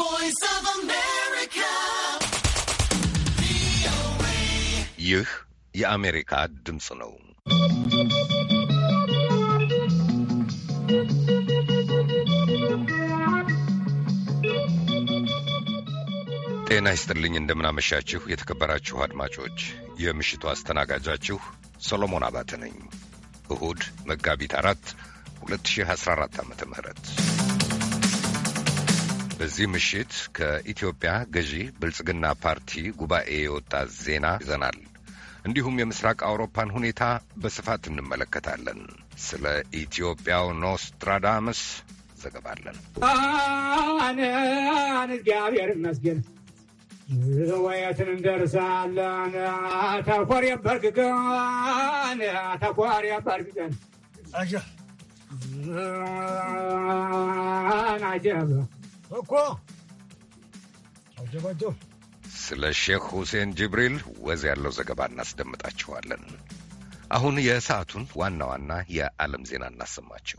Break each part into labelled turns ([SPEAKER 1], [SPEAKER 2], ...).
[SPEAKER 1] voice
[SPEAKER 2] ይህ የአሜሪካ ድምፅ ነው። ጤና ይስጥልኝ። እንደምናመሻችሁ የተከበራችሁ አድማጮች፣ የምሽቱ አስተናጋጃችሁ ሰሎሞን አባተ ነኝ። እሁድ መጋቢት አራት 2014 ዓ ም በዚህ ምሽት ከኢትዮጵያ ገዢ ብልጽግና ፓርቲ ጉባኤ የወጣ ዜና ይዘናል። እንዲሁም የምስራቅ አውሮፓን ሁኔታ በስፋት እንመለከታለን። ስለ ኢትዮጵያው ኖስትራዳምስ ዘገባለን። አን እግዚአብሔር ይመስገን
[SPEAKER 3] እንደርሳለን። ተኮር የበርግገን ተኮር የበርግገን አጀብ እኮ
[SPEAKER 2] አጀባጀው። ስለ ሼክ ሁሴን ጅብሪል ወዝ ያለው ዘገባ እናስደምጣችኋለን። አሁን የሰዓቱን ዋና ዋና የዓለም ዜና እናሰማችሁ።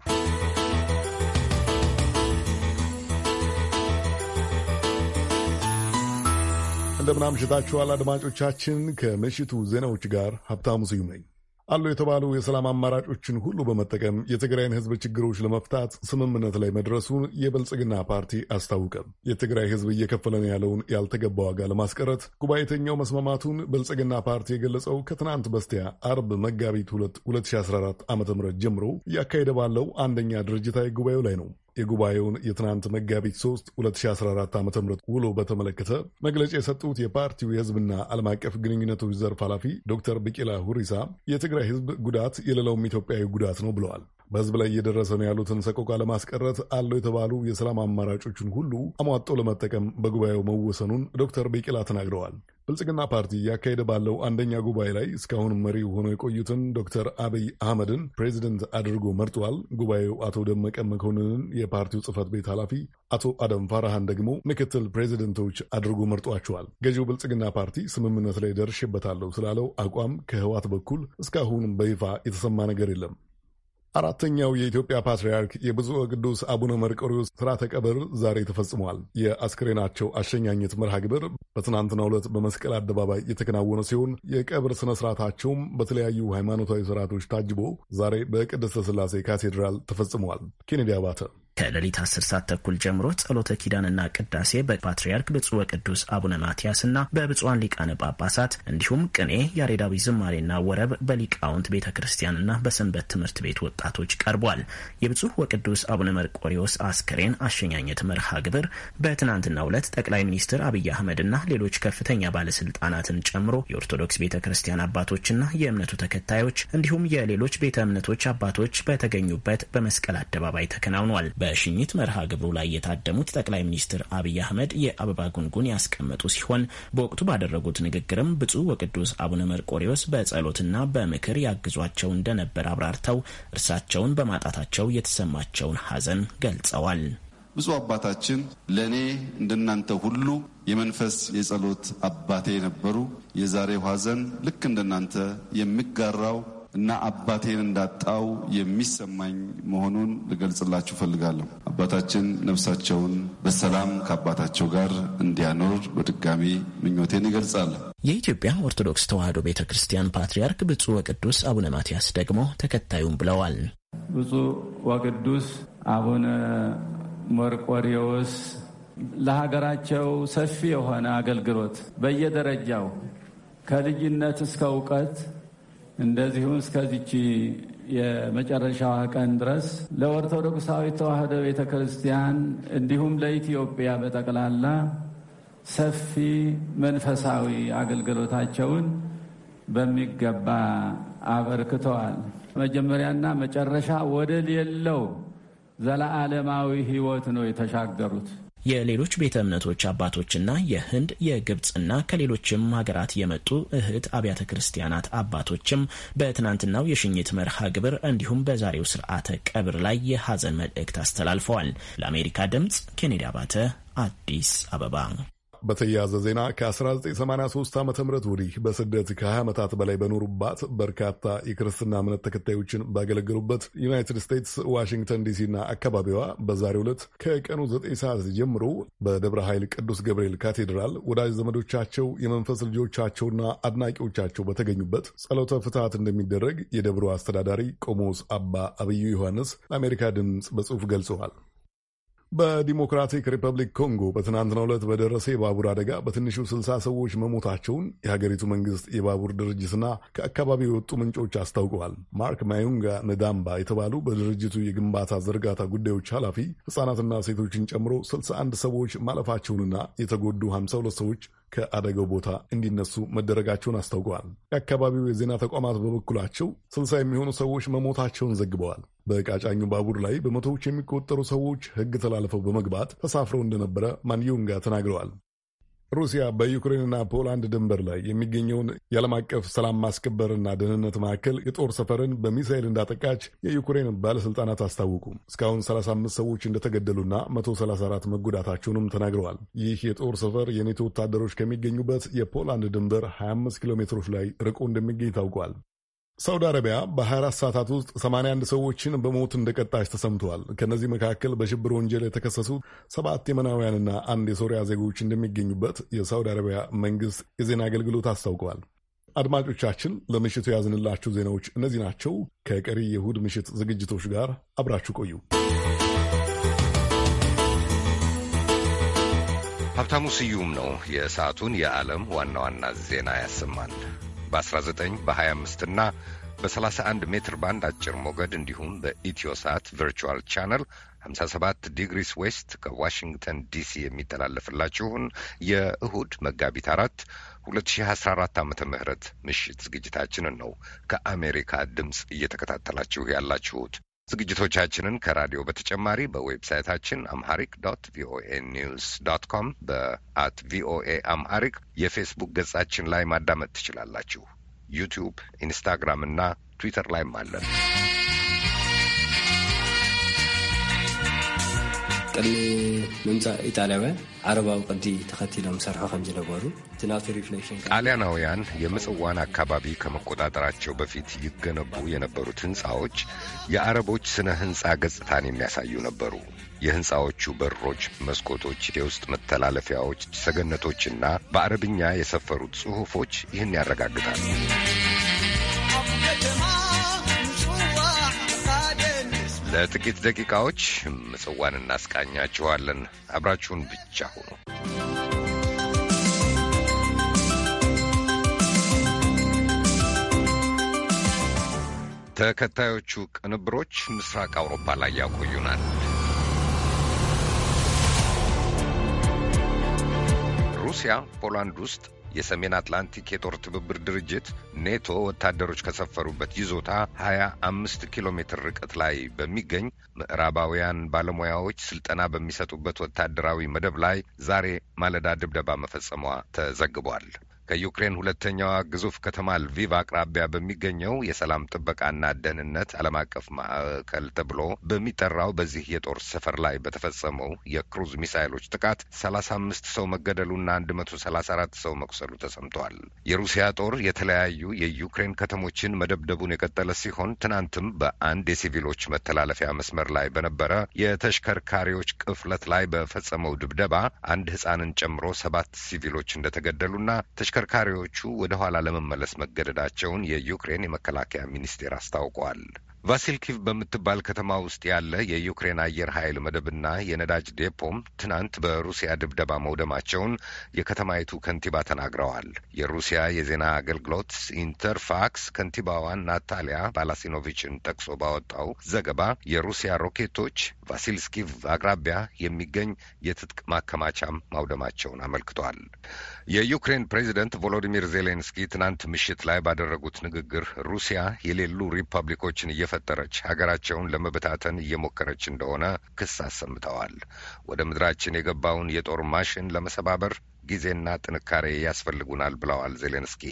[SPEAKER 4] እንደምናምሽታችኋል አድማጮቻችን። ከምሽቱ ዜናዎች ጋር ሀብታሙ ስዩም ነኝ። አሉ የተባሉ የሰላም አማራጮችን ሁሉ በመጠቀም የትግራይን ህዝብ ችግሮች ለመፍታት ስምምነት ላይ መድረሱን የብልጽግና ፓርቲ አስታወቀ። የትግራይ ህዝብ እየከፈለን ያለውን ያልተገባ ዋጋ ለማስቀረት ጉባኤተኛው መስማማቱን ብልጽግና ፓርቲ የገለጸው ከትናንት በስቲያ አርብ መጋቢት 2 2014 ዓ ም ጀምሮ እያካሄደ ባለው አንደኛ ድርጅታዊ ጉባኤው ላይ ነው። የጉባኤውን የትናንት መጋቢት 3 2014 ዓ ም ውሎ በተመለከተ መግለጫ የሰጡት የፓርቲው የህዝብና ዓለም አቀፍ ግንኙነቶች ዘርፍ ኃላፊ ዶክተር ብቂላ ሁሪሳ የትግራይ ህዝብ ጉዳት የሌላውም ኢትዮጵያዊ ጉዳት ነው ብለዋል። በህዝብ ላይ እየደረሰ ነው ያሉትን ሰቆቃ ለማስቀረት አለው የተባሉ የሰላም አማራጮችን ሁሉ አሟጦ ለመጠቀም በጉባኤው መወሰኑን ዶክተር ቢቂላ ተናግረዋል። ብልጽግና ፓርቲ እያካሄደ ባለው አንደኛ ጉባኤ ላይ እስካሁን መሪ ሆኖ የቆዩትን ዶክተር አብይ አህመድን ፕሬዚደንት አድርጎ መርጧል። ጉባኤው አቶ ደመቀ መኮንንን የፓርቲው ጽህፈት ቤት ኃላፊ፣ አቶ አደም ፋራሃን ደግሞ ምክትል ፕሬዚደንቶች አድርጎ መርጧቸዋል። ገዢው ብልጽግና ፓርቲ ስምምነት ላይ ደርሼበታለሁ ስላለው አቋም ከህዋት በኩል እስካሁን በይፋ የተሰማ ነገር የለም። አራተኛው የኢትዮጵያ ፓትርያርክ የብፁዕ ወቅዱስ አቡነ መርቆሪዎስ ሥርዓተ ቀብር ዛሬ ተፈጽሟል። የአስክሬናቸው አሸኛኘት መርሃ ግብር በትናንትናው ዕለት በመስቀል አደባባይ የተከናወነ ሲሆን የቀብር ስነ ስርዓታቸውም በተለያዩ ሃይማኖታዊ ስርዓቶች ታጅቦ ዛሬ በቅድስተ ሥላሴ ካቴድራል ተፈጽሟል። ኬኔዲ አባተ
[SPEAKER 1] ከሌሊት 10 ሰዓት ተኩል ጀምሮ ጸሎተ ኪዳንና ቅዳሴ በፓትርያርክ ብፁዕ ወቅዱስ አቡነ ማትያስና በብፁዓን ሊቃነ ጳጳሳት እንዲሁም ቅኔ፣ ያሬዳዊ ዝማሬና ወረብ በሊቃውንት ቤተ ክርስቲያንና በሰንበት ትምህርት ቤት ወጣቶች ቀርቧል። የብፁዕ ወቅዱስ አቡነ መርቆሪዎስ አስክሬን አሸኛኘት መርሃ ግብር በትናንትናው ዕለት ጠቅላይ ሚኒስትር አብይ አህመድና ሌሎች ከፍተኛ ባለስልጣናትን ጨምሮ የኦርቶዶክስ ቤተ ክርስቲያን አባቶችና የእምነቱ ተከታዮች እንዲሁም የሌሎች ቤተ እምነቶች አባቶች በተገኙበት በመስቀል አደባባይ ተከናውኗል። በሽኝት መርሃ ግብሩ ላይ የታደሙት ጠቅላይ ሚኒስትር አብይ አህመድ የአበባ ጉንጉን ያስቀመጡ ሲሆን በወቅቱ ባደረጉት ንግግርም ብፁዕ ወቅዱስ አቡነ መርቆሪዎስ በጸሎትና በምክር ያግዟቸው እንደነበር አብራርተው እርሳቸውን በማጣታቸው የተሰማቸውን ሐዘን ገልጸዋል።
[SPEAKER 5] ብፁዕ አባታችን ለእኔ እንደናንተ ሁሉ የመንፈስ የጸሎት አባቴ የነበሩ የዛሬው ሐዘን ልክ እንደናንተ የሚጋራው እና አባቴን እንዳጣው የሚሰማኝ መሆኑን ልገልጽላችሁ ፈልጋለሁ። አባታችን ነፍሳቸውን በሰላም ከአባታቸው ጋር እንዲያኖር
[SPEAKER 1] በድጋሚ ምኞቴን ይገልጻል። የኢትዮጵያ ኦርቶዶክስ ተዋሕዶ ቤተ ክርስቲያን ፓትርያርክ ብፁዕ ወቅዱስ አቡነ ማትያስ ደግሞ ተከታዩም ብለዋል።
[SPEAKER 5] ብፁዕ ወቅዱስ አቡነ መርቆሪዎስ ለሀገራቸው ሰፊ የሆነ አገልግሎት በየደረጃው ከልጅነት እስከ እውቀት እንደዚሁም እስከዚች የመጨረሻዋ ቀን ድረስ ለኦርቶዶክሳዊ
[SPEAKER 6] ተዋህዶ ቤተ ክርስቲያን እንዲሁም ለኢትዮጵያ በጠቅላላ ሰፊ መንፈሳዊ አገልግሎታቸውን በሚገባ አበርክተዋል። መጀመሪያና መጨረሻ ወደ ሌለው ዘለዓለማዊ ሕይወት ነው የተሻገሩት።
[SPEAKER 1] የሌሎች ቤተ እምነቶች አባቶችና የህንድ የግብፅና ከሌሎችም ሀገራት የመጡ እህት አብያተ ክርስቲያናት አባቶችም በትናንትናው የሽኝት መርሃ ግብር እንዲሁም በዛሬው ስርዓተ ቀብር ላይ የሐዘን መልእክት አስተላልፈዋል። ለአሜሪካ ድምፅ ኬኔዲ አባተ አዲስ አበባ
[SPEAKER 4] በተያያዘ ዜና ከ1983 ዓ ም ወዲህ በስደት ከ20 ዓመታት በላይ በኖሩባት በርካታ የክርስትና እምነት ተከታዮችን ባገለገሉበት ዩናይትድ ስቴትስ ዋሽንግተን ዲሲና አካባቢዋ በዛሬው ዕለት ከቀኑ 9 ሰዓት ጀምሮ በደብረ ኃይል ቅዱስ ገብርኤል ካቴድራል ወዳጅ ዘመዶቻቸው፣ የመንፈስ ልጆቻቸውና አድናቂዎቻቸው በተገኙበት ጸሎተ ፍትሐት እንደሚደረግ የደብሩ አስተዳዳሪ ቆሞስ አባ አብዩ ዮሐንስ ለአሜሪካ ድምፅ በጽሑፍ ገልጸዋል። በዲሞክራቲክ ሪፐብሊክ ኮንጎ በትናንትናው ዕለት በደረሰ የባቡር አደጋ በትንሹ ስልሳ ሰዎች መሞታቸውን የሀገሪቱ መንግስት የባቡር ድርጅትና ከአካባቢው የወጡ ምንጮች አስታውቀዋል። ማርክ ማዩንጋ ነዳምባ የተባሉ በድርጅቱ የግንባታ ዝርጋታ ጉዳዮች ኃላፊ ሕጻናትና ሴቶችን ጨምሮ 61 ሰዎች ማለፋቸውንና የተጎዱ 52 ሰዎች ከአደገው ቦታ እንዲነሱ መደረጋቸውን አስታውቀዋል። የአካባቢው የዜና ተቋማት በበኩላቸው ስልሳ የሚሆኑ ሰዎች መሞታቸውን ዘግበዋል። በቃጫኙ ባቡር ላይ በመቶዎች የሚቆጠሩ ሰዎች ሕግ ተላልፈው በመግባት ተሳፍረው እንደነበረ ማንየውንጋ ተናግረዋል። ሩሲያ በዩክሬንና ፖላንድ ድንበር ላይ የሚገኘውን የዓለም አቀፍ ሰላም ማስከበርና ደህንነት ማዕከል የጦር ሰፈርን በሚሳይል እንዳጠቃች የዩክሬን ባለሥልጣናት አስታወቁ። እስካሁን 35 ሰዎች እንደተገደሉና 134 መጎዳታቸውንም ተናግረዋል። ይህ የጦር ሰፈር የኔቶ ወታደሮች ከሚገኙበት የፖላንድ ድንበር 25 ኪሎ ሜትሮች ላይ ርቆ እንደሚገኝ ታውቋል። ሳውዲ አረቢያ በ24 ሰዓታት ውስጥ 81 ሰዎችን በሞት እንደቀጣች ተሰምተዋል። ከእነዚህ መካከል በሽብር ወንጀል የተከሰሱ ሰባት የመናውያንና አንድ የሶሪያ ዜጎች እንደሚገኙበት የሳውዲ አረቢያ መንግስት የዜና አገልግሎት አስታውቀዋል። አድማጮቻችን፣ ለምሽቱ የያዝንላችሁ ዜናዎች እነዚህ ናቸው። ከቀሪ የእሁድ ምሽት ዝግጅቶች ጋር አብራችሁ ቆዩ።
[SPEAKER 2] ሀብታሙ ስዩም ነው የሰዓቱን የዓለም ዋና ዋና ዜና ያሰማል። በ19 በ25 እና በ31 ሜትር ባንድ አጭር ሞገድ እንዲሁም በኢትዮሳት ቨርቹዋል ቻነል 57 ዲግሪስ ዌስት ከዋሽንግተን ዲሲ የሚተላለፍላችሁን የእሁድ መጋቢት አራት 2014 ዓ ምህረት ምሽት ዝግጅታችንን ነው ከአሜሪካ ድምፅ እየተከታተላችሁ ያላችሁት። ዝግጅቶቻችንን ከራዲዮ በተጨማሪ በዌብሳይታችን አምሃሪክ ዶት ቪኦኤ ኒውስ ዶት ኮም በአት ቪኦኤ አምሃሪክ የፌስቡክ ገጻችን ላይ ማዳመጥ ትችላላችሁ። ዩቲዩብ፣ ኢንስታግራም እና ትዊተር ላይም አለን።
[SPEAKER 5] ቅድሚ ምምፃእ ኢጣልያውያን ዓረባዊ ቅዲ ተኸቲሎም ሰርሖ ከም ዝነበሩ ናቱ ሪፍሌክሽን
[SPEAKER 2] ጣልያናውያን የምጽዋን አካባቢ ከመቆጣጠራቸው በፊት ይገነቡ የነበሩት ሕንፃዎች የአረቦች ስነ ሕንፃ ገጽታን የሚያሳዩ ነበሩ። የሕንፃዎቹ በሮች፣ መስኮቶች፣ የውስጥ መተላለፊያዎች፣ ሰገነቶችና በአረብኛ የሰፈሩት ጽሑፎች ይህን ያረጋግጣል። ለጥቂት ደቂቃዎች ምጽዋን እናስቃኛችኋለን። አብራችሁን ብቻ ሁኑ። ተከታዮቹ ቅንብሮች ምስራቅ አውሮፓ ላይ ያቆዩናል። ሩሲያ ፖላንድ ውስጥ የሰሜን አትላንቲክ የጦር ትብብር ድርጅት ኔቶ ወታደሮች ከሰፈሩበት ይዞታ 25 ኪሎ ሜትር ርቀት ላይ በሚገኝ ምዕራባውያን ባለሙያዎች ስልጠና በሚሰጡበት ወታደራዊ መደብ ላይ ዛሬ ማለዳ ድብደባ መፈጸሟ ተዘግቧል። ከዩክሬን ሁለተኛዋ ግዙፍ ከተማ ልቪቭ አቅራቢያ በሚገኘው የሰላም ጥበቃና ደህንነት ዓለም አቀፍ ማዕከል ተብሎ በሚጠራው በዚህ የጦር ሰፈር ላይ በተፈጸመው የክሩዝ ሚሳይሎች ጥቃት ሰላሳ አምስት ሰው መገደሉና አንድ መቶ ሰላሳ አራት ሰው መቁሰሉ ተሰምተዋል። የሩሲያ ጦር የተለያዩ የዩክሬን ከተሞችን መደብደቡን የቀጠለ ሲሆን ትናንትም በአንድ የሲቪሎች መተላለፊያ መስመር ላይ በነበረ የተሽከርካሪዎች ቅፍለት ላይ በፈጸመው ድብደባ አንድ ሕፃንን ጨምሮ ሰባት ሲቪሎች እንደተገደሉና ተሽከ ተሽከርካሪዎቹ ወደ ኋላ ለመመለስ መገደዳቸውን የዩክሬን የመከላከያ ሚኒስቴር አስታውቋል። ቫሲልኪቭ በምትባል ከተማ ውስጥ ያለ የዩክሬን አየር ኃይል መደብና የነዳጅ ዴፖም ትናንት በሩሲያ ድብደባ መውደማቸውን የከተማይቱ ከንቲባ ተናግረዋል። የሩሲያ የዜና አገልግሎት ኢንተርፋክስ ከንቲባዋን ናታሊያ ባላሲኖቪችን ጠቅሶ ባወጣው ዘገባ የሩሲያ ሮኬቶች ቫሲልስኪቭ አቅራቢያ የሚገኝ የትጥቅ ማከማቻም ማውደማቸውን አመልክቷል። የዩክሬን ፕሬዚደንት ቮሎዲሚር ዜሌንስኪ ትናንት ምሽት ላይ ባደረጉት ንግግር ሩሲያ የሌሉ ሪፐብሊኮችን እየፈጠረች ሀገራቸውን ለመበታተን እየሞከረች እንደሆነ ክስ አሰምተዋል። ወደ ምድራችን የገባውን የጦር ማሽን ለመሰባበር ጊዜና ጥንካሬ ያስፈልጉናል ብለዋል ዜሌንስኪ።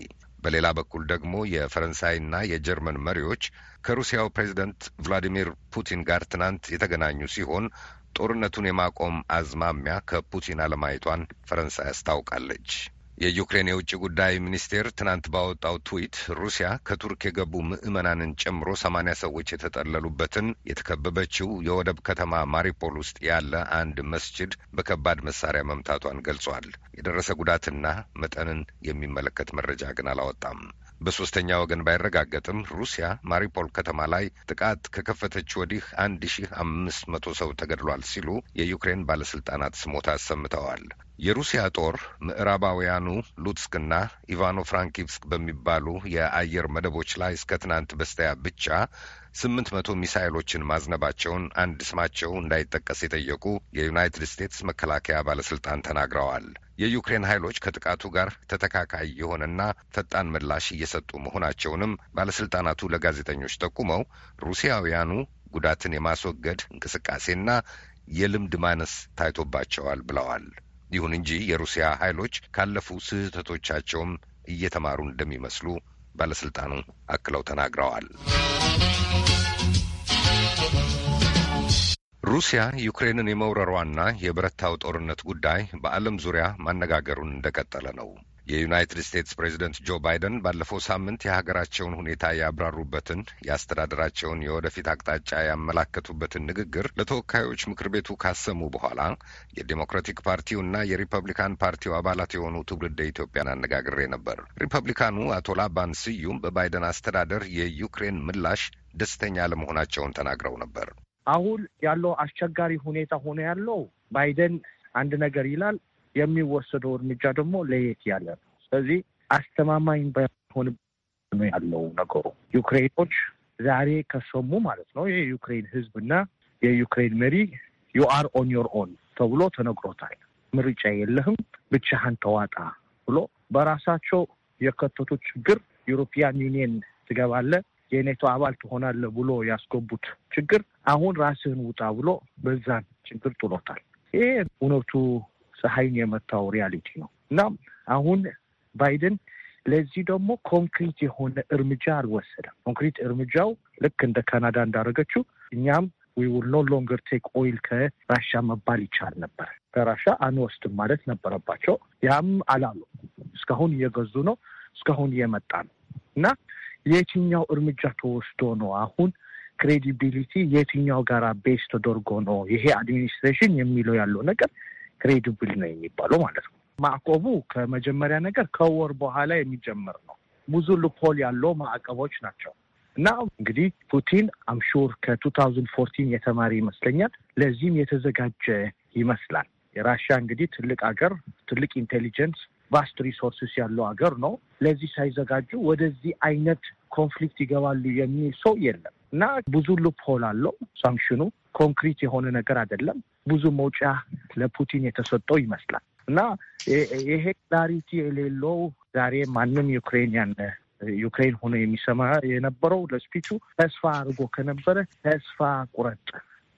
[SPEAKER 2] በሌላ በኩል ደግሞ የፈረንሳይና የጀርመን መሪዎች ከሩሲያው ፕሬዚደንት ቭላዲሚር ፑቲን ጋር ትናንት የተገናኙ ሲሆን ጦርነቱን የማቆም አዝማሚያ ከፑቲን አለማየቷን ፈረንሳይ አስታውቃለች። የዩክሬን የውጭ ጉዳይ ሚኒስቴር ትናንት ባወጣው ትዊት ሩሲያ ከቱርክ የገቡ ምዕመናንን ጨምሮ ሰማኒያ ሰዎች የተጠለሉበትን የተከበበችው የወደብ ከተማ ማሪፖል ውስጥ ያለ አንድ መስጅድ በከባድ መሳሪያ መምታቷን ገልጿል። የደረሰ ጉዳትና መጠንን የሚመለከት መረጃ ግን አላወጣም። በሦስተኛ ወገን ባይረጋገጥም ሩሲያ ማሪፖል ከተማ ላይ ጥቃት ከከፈተች ወዲህ አንድ ሺህ አምስት መቶ ሰው ተገድሏል ሲሉ የዩክሬን ባለስልጣናት ስሞታ አሰምተዋል። የሩሲያ ጦር ምዕራባውያኑ ሉትስክና ኢቫኖ ፍራንኪቭስክ በሚባሉ የአየር መደቦች ላይ እስከ ትናንት በስተያ ብቻ ስምንት መቶ ሚሳይሎችን ማዝነባቸውን አንድ ስማቸው እንዳይጠቀስ የጠየቁ የዩናይትድ ስቴትስ መከላከያ ባለስልጣን ተናግረዋል። የዩክሬን ኃይሎች ከጥቃቱ ጋር ተተካካይ የሆነና ፈጣን ምላሽ እየሰጡ መሆናቸውንም ባለስልጣናቱ ለጋዜጠኞች ጠቁመው ሩሲያውያኑ ጉዳትን የማስወገድ እንቅስቃሴና የልምድ ማነስ ታይቶባቸዋል ብለዋል። ይሁን እንጂ የሩሲያ ኃይሎች ካለፉ ስህተቶቻቸውም እየተማሩ እንደሚመስሉ ባለስልጣኑ አክለው ተናግረዋል። ሩሲያ ዩክሬንን የመውረሯና የበረታው ጦርነት ጉዳይ በዓለም ዙሪያ ማነጋገሩን እንደቀጠለ ነው። የዩናይትድ ስቴትስ ፕሬዚደንት ጆ ባይደን ባለፈው ሳምንት የሀገራቸውን ሁኔታ ያብራሩበትን የአስተዳደራቸውን የወደፊት አቅጣጫ ያመላከቱበትን ንግግር ለተወካዮች ምክር ቤቱ ካሰሙ በኋላ የዴሞክራቲክ ፓርቲውና የሪፐብሊካን ፓርቲው አባላት የሆኑ ትውልደ ኢትዮጵያን አነጋግሬ ነበር። ሪፐብሊካኑ አቶ ላባን ስዩም በባይደን አስተዳደር የዩክሬን ምላሽ ደስተኛ ለመሆናቸውን ተናግረው ነበር።
[SPEAKER 3] አሁን ያለው አስቸጋሪ ሁኔታ ሆኖ ያለው ባይደን አንድ ነገር ይላል፣ የሚወሰደው እርምጃ ደግሞ ለየት ያለ ነው። ስለዚህ አስተማማኝ ባይሆን ነው ያለው ነገሩ። ዩክሬኖች ዛሬ ከሰሙ ማለት ነው የዩክሬን ሕዝብና የዩክሬን መሪ ዩ አር ኦን ዮር ኦን ተብሎ ተነግሮታል። ምርጫ የለህም ብቻህን ተዋጣ ብሎ በራሳቸው የከተቱት ችግር ዩሮፒያን ዩኒየን ትገባለህ የኔቶ አባል ትሆናለህ ብሎ ያስገቡት ችግር አሁን ራስህን ውጣ ብሎ በዛን ችግር ጥሎታል። ይሄ እውነቱ ፀሐይን የመታው ሪያሊቲ ነው እና አሁን ባይደን ለዚህ ደግሞ ኮንክሪት የሆነ እርምጃ አልወሰደም። ኮንክሪት እርምጃው ልክ እንደ ካናዳ እንዳደረገችው እኛም ዊ ውል ኖ ሎንገር ቴክ ኦይል ከራሻ መባል ይቻል ነበር። ከራሻ አንወስድም ማለት ነበረባቸው። ያም አላሉ። እስካሁን እየገዙ ነው። እስካሁን እየመጣ ነው እና የትኛው እርምጃ ተወስዶ ነው? አሁን ክሬዲቢሊቲ የትኛው ጋራ ቤስ ተደርጎ ነው ይሄ አድሚኒስትሬሽን የሚለው ያለው ነገር ክሬዲብል ነው የሚባለው ማለት ነው። ማዕቀቡ ከመጀመሪያ ነገር ከወር በኋላ የሚጀምር ነው። ብዙ ልፖል ያለው ማዕቀቦች ናቸው እና እንግዲህ ፑቲን አምሹር ከ ታውዝንድ ፎርቲን የተማሪ ይመስለኛል። ለዚህም የተዘጋጀ ይመስላል። የራሽያ እንግዲህ ትልቅ አገር ትልቅ ኢንቴሊጀንስ ቫስት ሪሶርስስ ያለው ሀገር ነው። ለዚህ ሳይዘጋጁ ወደዚህ አይነት ኮንፍሊክት ይገባሉ የሚል ሰው የለም እና ብዙ ሉፕሆል አለው ሳንክሽኑ። ኮንክሪት የሆነ ነገር አይደለም። ብዙ መውጫ ለፑቲን የተሰጠው ይመስላል እና ይሄ ክላሪቲ የሌለው ዛሬ ማንም ዩክሬንያን ዩክሬን ሆኖ የሚሰማ የነበረው ለስፒቹ ተስፋ አድርጎ ከነበረ ተስፋ ቁረጥ፣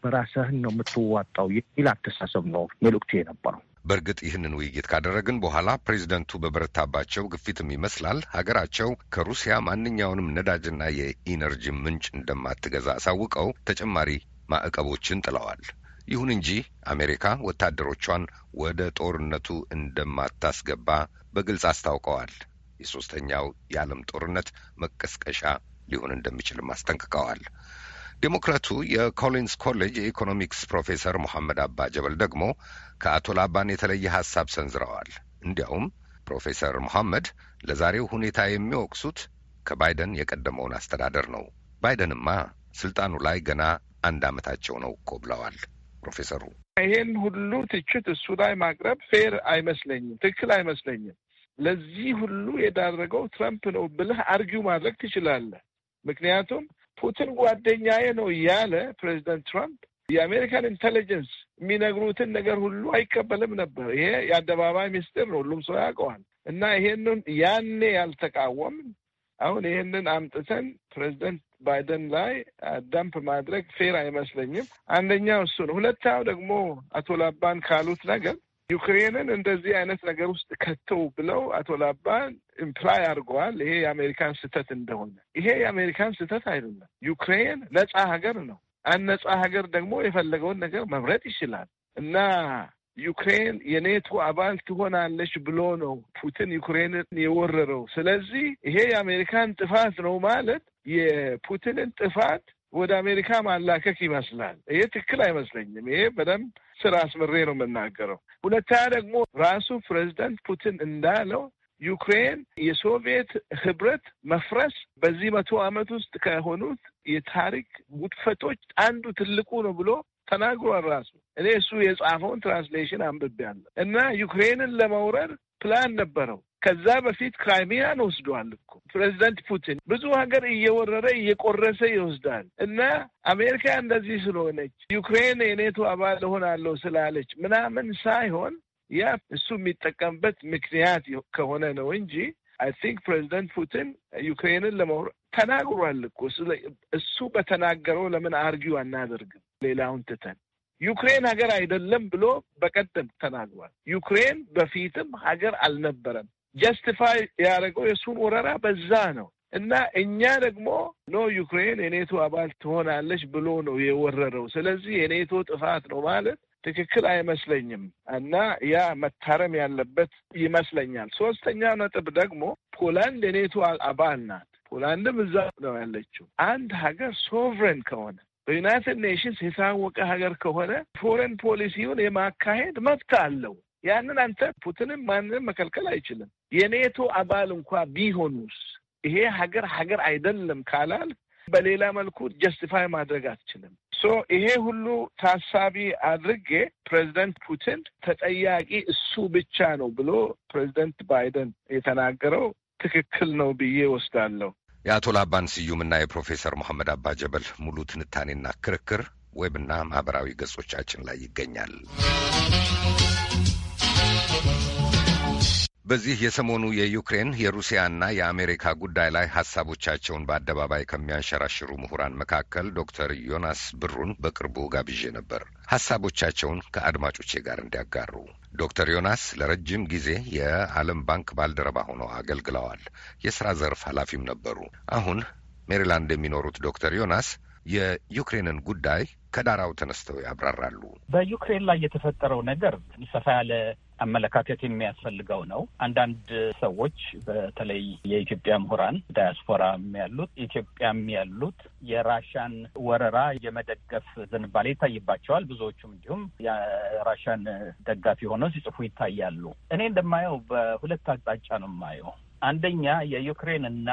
[SPEAKER 3] በራስህን ነው የምትዋጣው
[SPEAKER 2] የሚል አተሳሰብ ነው መልእክቱ የነበረው። በእርግጥ ይህንን ውይይት ካደረግን በኋላ ፕሬዚደንቱ በበረታባቸው ግፊትም ይመስላል ሀገራቸው ከሩሲያ ማንኛውንም ነዳጅና የኢነርጂ ምንጭ እንደማትገዛ አሳውቀው ተጨማሪ ማዕቀቦችን ጥለዋል። ይሁን እንጂ አሜሪካ ወታደሮቿን ወደ ጦርነቱ እንደማታስገባ በግልጽ አስታውቀዋል። የሦስተኛው የዓለም ጦርነት መቀስቀሻ ሊሆን እንደሚችልም አስጠንቅቀዋል። ዴሞክራቱ የኮሊንስ ኮሌጅ የኢኮኖሚክስ ፕሮፌሰር ሙሐመድ አባ ጀበል ደግሞ ከአቶ ላባን የተለየ ሐሳብ ሰንዝረዋል። እንዲያውም ፕሮፌሰር ሙሐመድ ለዛሬው ሁኔታ የሚወቅሱት ከባይደን የቀደመውን አስተዳደር ነው። ባይደንማ ስልጣኑ ላይ ገና አንድ ዓመታቸው ነው እኮ ብለዋል ፕሮፌሰሩ።
[SPEAKER 7] ይሄን ሁሉ ትችት እሱ ላይ ማቅረብ ፌር አይመስለኝም፣ ትክክል አይመስለኝም። ለዚህ ሁሉ የዳረገው ትረምፕ ነው ብለህ አርጊው ማድረግ ትችላለህ። ምክንያቱም ፑቲን ጓደኛዬ ነው እያለ ፕሬዚደንት ትራምፕ የአሜሪካን ኢንቴሊጀንስ የሚነግሩትን ነገር ሁሉ አይቀበልም ነበር። ይሄ የአደባባይ ምስጢር ነው፣ ሁሉም ሰው ያውቀዋል። እና ይሄንን ያኔ ያልተቃወም አሁን ይሄንን አምጥተን ፕሬዚደንት ባይደን ላይ ዳምፕ ማድረግ ፌር አይመስለኝም። አንደኛው እሱ ነው። ሁለተኛው ደግሞ አቶ ላባን ካሉት ነገር ዩክሬንን እንደዚህ አይነት ነገር ውስጥ ከተው ብለው አቶ ላባን ኢምፕላይ አድርገዋል። ይሄ የአሜሪካን ስህተት እንደሆነ ይሄ የአሜሪካን ስህተት አይደለም። ዩክሬን ነጻ ሀገር ነው። አንድ ነጻ ሀገር ደግሞ የፈለገውን ነገር መምረጥ ይችላል እና ዩክሬን የኔቶ አባል ትሆናለች ብሎ ነው ፑቲን ዩክሬንን የወረረው። ስለዚህ ይሄ የአሜሪካን ጥፋት ነው ማለት የፑቲንን ጥፋት ወደ አሜሪካ ማላከክ ይመስላል። ይሄ ትክክል አይመስለኝም። ይሄ በደንብ ስራ አስምሬ ነው የምናገረው። ሁለተኛ ደግሞ ራሱ ፕሬዚደንት ፑቲን እንዳለው ዩክሬን የሶቪየት ህብረት መፍረስ በዚህ መቶ ዓመት ውስጥ ከሆኑት የታሪክ ውድፈቶች አንዱ ትልቁ ነው ብሎ ተናግሯል። ራሱ እኔ እሱ የጻፈውን ትራንስሌሽን አንብቤያለሁ እና ዩክሬንን ለመውረር ፕላን ነበረው ከዛ በፊት ክራይሚያን ወስዷል እኮ ፕሬዚደንት ፑቲን። ብዙ ሀገር እየወረረ እየቆረሰ ይወስዳል። እና አሜሪካ እንደዚህ ስለሆነች ዩክሬን የኔቶ አባል እሆናለሁ ስላለች ምናምን ሳይሆን ያ እሱ የሚጠቀምበት ምክንያት ከሆነ ነው እንጂ አይ ቲንክ ፕሬዚደንት ፑቲን ዩክሬንን ለመውረ ተናግሯል እኮ እሱ በተናገረው ለምን አርጊው አናደርግም? ሌላውን ትተን ዩክሬን ሀገር አይደለም ብሎ በቀደም ተናግሯል። ዩክሬን በፊትም ሀገር አልነበረም። ጀስቲፋይ ያደረገው የእሱን ወረራ በዛ ነው። እና እኛ ደግሞ ኖ ዩክሬን የኔቶ አባል ትሆናለች ብሎ ነው የወረረው። ስለዚህ የኔቶ ጥፋት ነው ማለት ትክክል አይመስለኝም። እና ያ መታረም ያለበት ይመስለኛል። ሶስተኛ ነጥብ ደግሞ ፖላንድ የኔቶ አባል ናት። ፖላንድም እዛ ነው ያለችው። አንድ ሀገር ሶቭሬን ከሆነ በዩናይትድ ኔሽንስ የታወቀ ሀገር ከሆነ ፎሬን ፖሊሲውን የማካሄድ መብት አለው። ያንን አንተ ፑቲንም ማንንም መከልከል አይችልም። የኔቶ አባል እንኳ ቢሆኑስ ይሄ ሀገር ሀገር አይደለም ካላል በሌላ መልኩ ጀስቲፋይ ማድረግ አትችልም። ሶ ይሄ ሁሉ ታሳቢ አድርጌ ፕሬዚደንት ፑቲን ተጠያቂ እሱ ብቻ ነው ብሎ ፕሬዚደንት ባይደን የተናገረው ትክክል ነው ብዬ ወስዳለሁ።
[SPEAKER 2] የአቶ ላባን ስዩምና የፕሮፌሰር መሐመድ አባ ጀበል ሙሉ ትንታኔና ክርክር ዌብና ማህበራዊ ገጾቻችን ላይ ይገኛል። በዚህ የሰሞኑ የዩክሬን የሩሲያና የአሜሪካ ጉዳይ ላይ ሀሳቦቻቸውን በአደባባይ ከሚያንሸራሽሩ ምሁራን መካከል ዶክተር ዮናስ ብሩን በቅርቡ ጋብዤ ነበር ሀሳቦቻቸውን ከአድማጮቼ ጋር እንዲያጋሩ። ዶክተር ዮናስ ለረጅም ጊዜ የዓለም ባንክ ባልደረባ ሆነው አገልግለዋል። የሥራ ዘርፍ ኃላፊም ነበሩ። አሁን ሜሪላንድ የሚኖሩት ዶክተር ዮናስ የዩክሬንን ጉዳይ ከዳራው ተነስተው ያብራራሉ።
[SPEAKER 6] በዩክሬን ላይ የተፈጠረው ነገር ሰፋ ያለ አመለካከት የሚያስፈልገው ነው። አንዳንድ ሰዎች በተለይ የኢትዮጵያ ምሁራን ዳያስፖራም ያሉት ኢትዮጵያም ያሉት የራሻን ወረራ የመደገፍ ዝንባሌ ይታይባቸዋል። ብዙዎቹም እንዲሁም የራሻን ደጋፊ ሆነው ሲጽፉ ይታያሉ። እኔ እንደማየው በሁለት አቅጣጫ ነው የማየው። አንደኛ የዩክሬን እና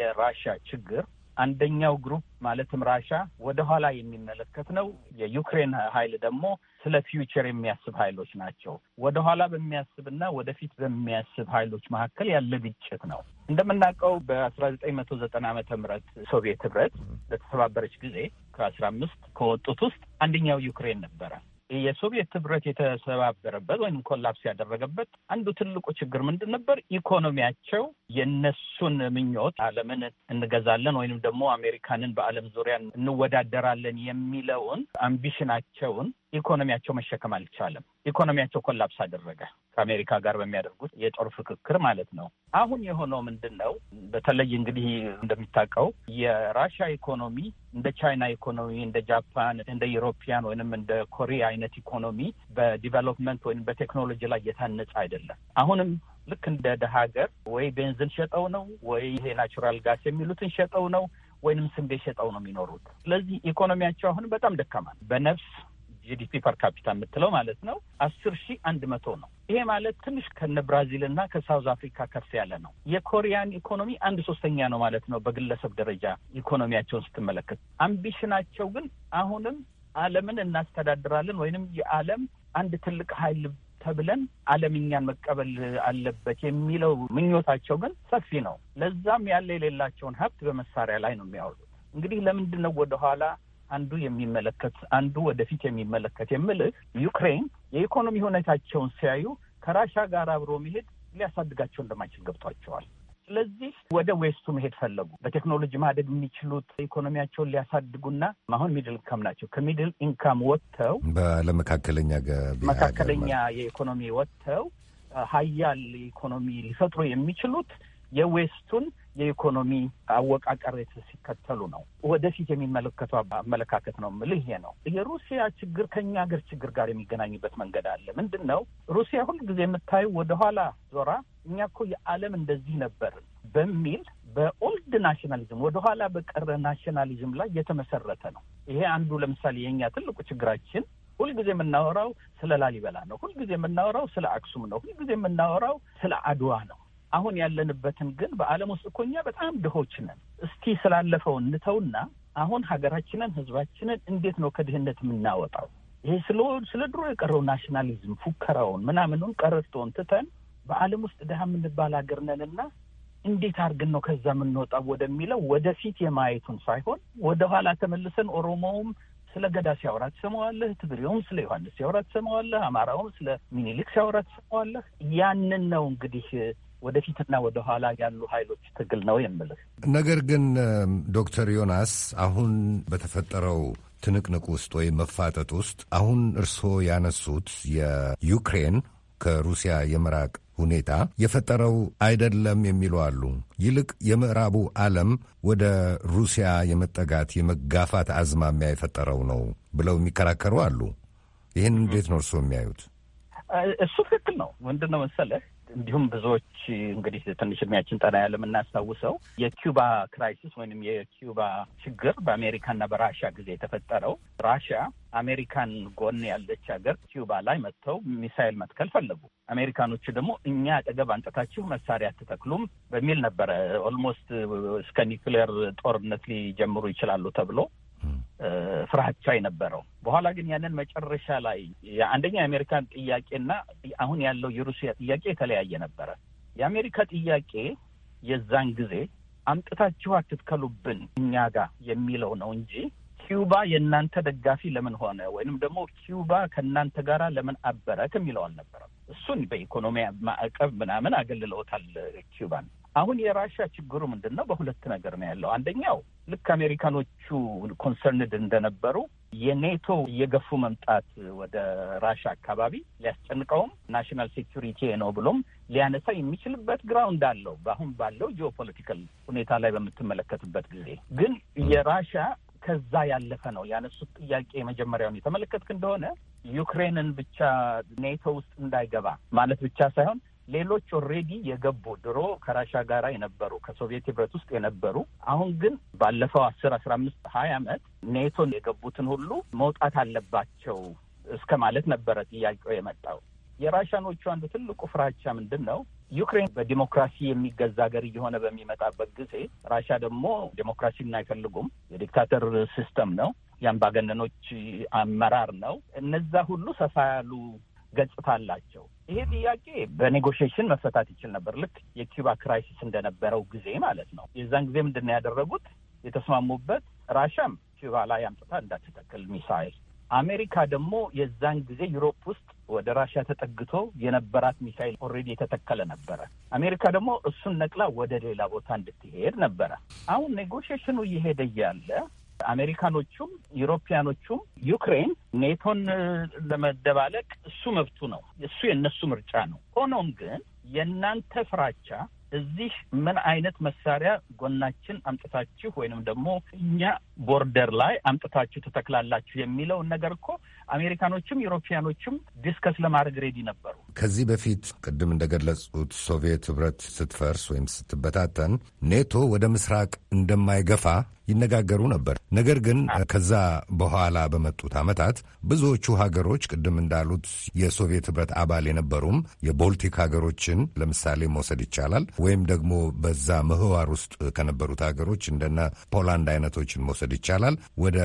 [SPEAKER 6] የራሻ ችግር አንደኛው ግሩፕ ማለትም ራሻ ወደ ኋላ የሚመለከት ነው። የዩክሬን ኃይል ደግሞ ስለ ፊውቸር የሚያስብ ኃይሎች ናቸው። ወደኋላ በሚያስብና ወደፊት በሚያስብ ኃይሎች መካከል ያለ ግጭት ነው። እንደምናውቀው በአስራ ዘጠኝ መቶ ዘጠና ዓመተ ምህረት ሶቪየት ህብረት በተሰባበረች ጊዜ ከአስራ አምስት ከወጡት ውስጥ አንደኛው ዩክሬን ነበረ። የሶቪየት ህብረት የተሰባበረበት ወይም ኮላፕስ ያደረገበት አንዱ ትልቁ ችግር ምንድን ነበር? ኢኮኖሚያቸው የነሱን ምኞት ዓለምን እንገዛለን ወይንም ደግሞ አሜሪካንን በዓለም ዙሪያ እንወዳደራለን የሚለውን አምቢሽናቸውን ኢኮኖሚያቸው መሸከም አልቻለም። ኢኮኖሚያቸው ኮላፕስ አደረገ። ከአሜሪካ ጋር በሚያደርጉት የጦር ፍክክር ማለት ነው። አሁን የሆነው ምንድን ነው? በተለይ እንግዲህ እንደሚታወቀው የራሽያ ኢኮኖሚ እንደ ቻይና ኢኮኖሚ፣ እንደ ጃፓን፣ እንደ ዩሮፒያን ወይንም እንደ ኮሪያ አይነት ኢኮኖሚ በዲቨሎፕመንት ወይም በቴክኖሎጂ ላይ የታነጸ አይደለም። አሁንም ልክ እንደ ደሀ ሀገር ወይ ቤንዝን ሸጠው ነው ወይ ይሄ ናቹራል ጋስ የሚሉትን ሸጠው ነው ወይንም ስንዴ ሸጠው ነው የሚኖሩት። ስለዚህ ኢኮኖሚያቸው አሁን በጣም ደካማ ነው። በነፍስ ጂዲፒ ፐር ካፒታ የምትለው ማለት ነው አስር ሺ አንድ መቶ ነው። ይሄ ማለት ትንሽ ከነ ብራዚል እና ከሳውዝ አፍሪካ ከፍ ያለ ነው። የኮሪያን ኢኮኖሚ አንድ ሶስተኛ ነው ማለት ነው በግለሰብ ደረጃ ኢኮኖሚያቸውን ስትመለከት። አምቢሽናቸው ግን አሁንም ዓለምን እናስተዳድራለን ወይንም የዓለም አንድ ትልቅ ኃይል ተብለን ዓለም እኛን መቀበል አለበት የሚለው ምኞታቸው ግን ሰፊ ነው። ለዛም ያለ የሌላቸውን ሀብት በመሳሪያ ላይ ነው የሚያወሉት። እንግዲህ ለምንድን ነው ወደኋላ አንዱ የሚመለከት አንዱ ወደፊት የሚመለከት የምልህ ዩክሬን የኢኮኖሚ ሁኔታቸውን ሲያዩ ከራሻ ጋር አብሮ መሄድ ሊያሳድጋቸው እንደማይችል ገብቷቸዋል። ስለዚህ ወደ ዌስቱ መሄድ ፈለጉ። በቴክኖሎጂ ማደግ የሚችሉት ኢኮኖሚያቸውን ሊያሳድጉና አሁን ሚድል ኢንካም ናቸው። ከሚድል ኢንካም ወጥተው
[SPEAKER 2] ባለመካከለኛ መካከለኛ
[SPEAKER 6] የኢኮኖሚ ወጥተው ሀያል ኢኮኖሚ ሊፈጥሩ የሚችሉት የዌስቱን የኢኮኖሚ አወቃቀር ሲከተሉ ነው ወደፊት የሚመለከተው አመለካከት ነው የምልህ ይሄ ነው። የሩሲያ ችግር ከኛ ሀገር ችግር ጋር የሚገናኝበት መንገድ አለ። ምንድን ነው ሩሲያ ሁልጊዜ የምታየው ወደኋላ ዞራ እኛ እኮ የዓለም እንደዚህ ነበር በሚል በኦልድ ናሽናሊዝም ወደኋላ በቀረ ናሽናሊዝም ላይ የተመሰረተ ነው። ይሄ አንዱ ለምሳሌ የእኛ ትልቁ ችግራችን ሁልጊዜ የምናወራው ስለ ላሊበላ ነው። ሁልጊዜ የምናወራው ስለ አክሱም ነው። ሁልጊዜ የምናወራው ስለ አድዋ ነው። አሁን ያለንበትን ግን በዓለም ውስጥ እኮ እኛ በጣም ድሆች ነን። እስቲ ስላለፈው እንተውና አሁን ሀገራችንን፣ ህዝባችንን እንዴት ነው ከድህነት የምናወጣው? ይሄ ስለ ድሮ የቀረው ናሽናሊዝም ፉከራውን ምናምኑን ቀረርቶን ትተን በዓለም ውስጥ ድሀ የምንባል ሀገር ነንና እንዴት አድርገን ነው ከዛ የምንወጣው ወደሚለው ወደፊት የማየቱን ሳይሆን ወደኋላ ተመልሰን ኦሮሞውም ስለ ገዳ ሲያወራ ትሰማዋለህ። ትግሬውም ስለ ዮሐንስ ሲያወራ ትሰማዋለህ። አማራውም ስለ ሚኒሊክ ሲያወራ ትሰማዋለህ። ያንን ነው እንግዲህ ወደፊትና ወደኋላ ያሉ ኃይሎች ትግል ነው የምልህ።
[SPEAKER 2] ነገር ግን ዶክተር ዮናስ አሁን በተፈጠረው ትንቅንቅ ውስጥ ወይም መፋጠጥ ውስጥ አሁን እርስዎ ያነሱት የዩክሬን ከሩሲያ የመራቅ ሁኔታ የፈጠረው አይደለም የሚሉ አሉ። ይልቅ የምዕራቡ ዓለም ወደ ሩሲያ የመጠጋት የመጋፋት አዝማሚያ የፈጠረው ነው ብለው የሚከራከሩ አሉ። ይህን እንዴት ነው እርስዎ የሚያዩት?
[SPEAKER 6] እሱ ትክክል ነው። ምንድን ነው መሰለህ እንዲሁም ብዙዎች እንግዲህ ትንሽ እድሜያችን ጠና ያለ የምናስታውሰው የኪዩባ ክራይሲስ ወይም የኪውባ ችግር በአሜሪካና በራሻ ጊዜ የተፈጠረው ራሻ አሜሪካን ጎን ያለች ሀገር ኪዩባ ላይ መጥተው ሚሳይል መትከል ፈለጉ። አሜሪካኖቹ ደግሞ እኛ አጠገብ አንጠታችሁ መሳሪያ አትተክሉም በሚል ነበረ ኦልሞስት እስከ ኒውክሌር ጦርነት ሊጀምሩ ይችላሉ ተብሎ ፍራቻ የነበረው። በኋላ ግን ያንን መጨረሻ ላይ አንደኛ የአሜሪካን ጥያቄና አሁን ያለው የሩሲያ ጥያቄ የተለያየ ነበረ። የአሜሪካ ጥያቄ የዛን ጊዜ አምጥታችሁ አትትከሉብን እኛ ጋር የሚለው ነው እንጂ ኪዩባ የእናንተ ደጋፊ ለምን ሆነ ወይንም ደግሞ ኪዩባ ከእናንተ ጋር ለምን አበረ ከሚለው አልነበረም። እሱን በኢኮኖሚ ማዕቀብ ምናምን አገልለውታል ኪዩባን። አሁን የራሻ ችግሩ ምንድን ነው? በሁለት ነገር ነው ያለው። አንደኛው ልክ አሜሪካኖቹ ኮንሰርንድ እንደነበሩ የኔቶ እየገፉ መምጣት ወደ ራሻ አካባቢ ሊያስጨንቀውም ናሽናል ሴኪሪቲ ነው ብሎም ሊያነሳ የሚችልበት ግራውንድ አለው። በአሁን ባለው ጂኦፖለቲካል ሁኔታ ላይ በምትመለከትበት ጊዜ ግን የራሻ ከዛ ያለፈ ነው ያነሱት ጥያቄ። መጀመሪያውን የተመለከትክ እንደሆነ ዩክሬንን ብቻ ኔቶ ውስጥ እንዳይገባ ማለት ብቻ ሳይሆን ሌሎች ኦሬዲ የገቡ ድሮ ከራሻ ጋር የነበሩ ከሶቪየት ህብረት ውስጥ የነበሩ አሁን ግን ባለፈው አስር አስራ አምስት ሀያ ዓመት ኔቶን የገቡትን ሁሉ መውጣት አለባቸው እስከ ማለት ነበረ ጥያቄው የመጣው። የራሻኖቹ አንዱ ትልቁ ፍራቻ ምንድን ነው? ዩክሬን በዲሞክራሲ የሚገዛ ሀገር እየሆነ በሚመጣበት ጊዜ ራሻ ደግሞ ዲሞክራሲን አይፈልጉም። የዲክታተር ሲስተም ነው፣ የአምባገነኖች አመራር ነው። እነዛ ሁሉ ሰፋ ያሉ ገጽታ አላቸው። ይሄ ጥያቄ በኔጎሽሽን መፈታት ይችል ነበር። ልክ የኪውባ ክራይሲስ እንደነበረው ጊዜ ማለት ነው። የዛን ጊዜ ምንድን ነው ያደረጉት? የተስማሙበት ራሻም ኪባ ላይ አምጥታ እንዳትተክል ሚሳይል፣ አሜሪካ ደግሞ የዛን ጊዜ ዩሮፕ ውስጥ ወደ ራሻ ተጠግቶ የነበራት ሚሳይል ኦልሬዲ የተተከለ ነበረ። አሜሪካ ደግሞ እሱን ነቅላ ወደ ሌላ ቦታ እንድትሄድ ነበረ። አሁን ኔጎሽሽኑ እየሄደ እያለ አሜሪካኖቹም ዩሮፒያኖቹም ዩክሬን ኔቶን ለመደባለቅ እሱ መብቱ ነው፣ እሱ የእነሱ ምርጫ ነው። ሆኖም ግን የእናንተ ፍራቻ እዚህ ምን አይነት መሳሪያ ጎናችን አምጥታችሁ ወይንም ደግሞ እኛ ቦርደር ላይ አምጥታችሁ ትተክላላችሁ የሚለውን ነገር እኮ አሜሪካኖችም ዩሮፒያኖችም ዲስከስ ለማድረግ ሬዲ ነበሩ።
[SPEAKER 2] ከዚህ በፊት ቅድም እንደገለጹት ሶቪየት ህብረት ስትፈርስ ወይም ስትበታተን ኔቶ ወደ ምስራቅ እንደማይገፋ ይነጋገሩ ነበር። ነገር ግን ከዛ በኋላ በመጡት ዓመታት ብዙዎቹ ሀገሮች ቅድም እንዳሉት የሶቪየት ህብረት አባል የነበሩም የቦልቲክ ሀገሮችን ለምሳሌ መውሰድ ይቻላል። ወይም ደግሞ በዛ ምህዋር ውስጥ ከነበሩት ሀገሮች እንደነ ፖላንድ አይነቶችን መውሰድ ይቻላል። ወደ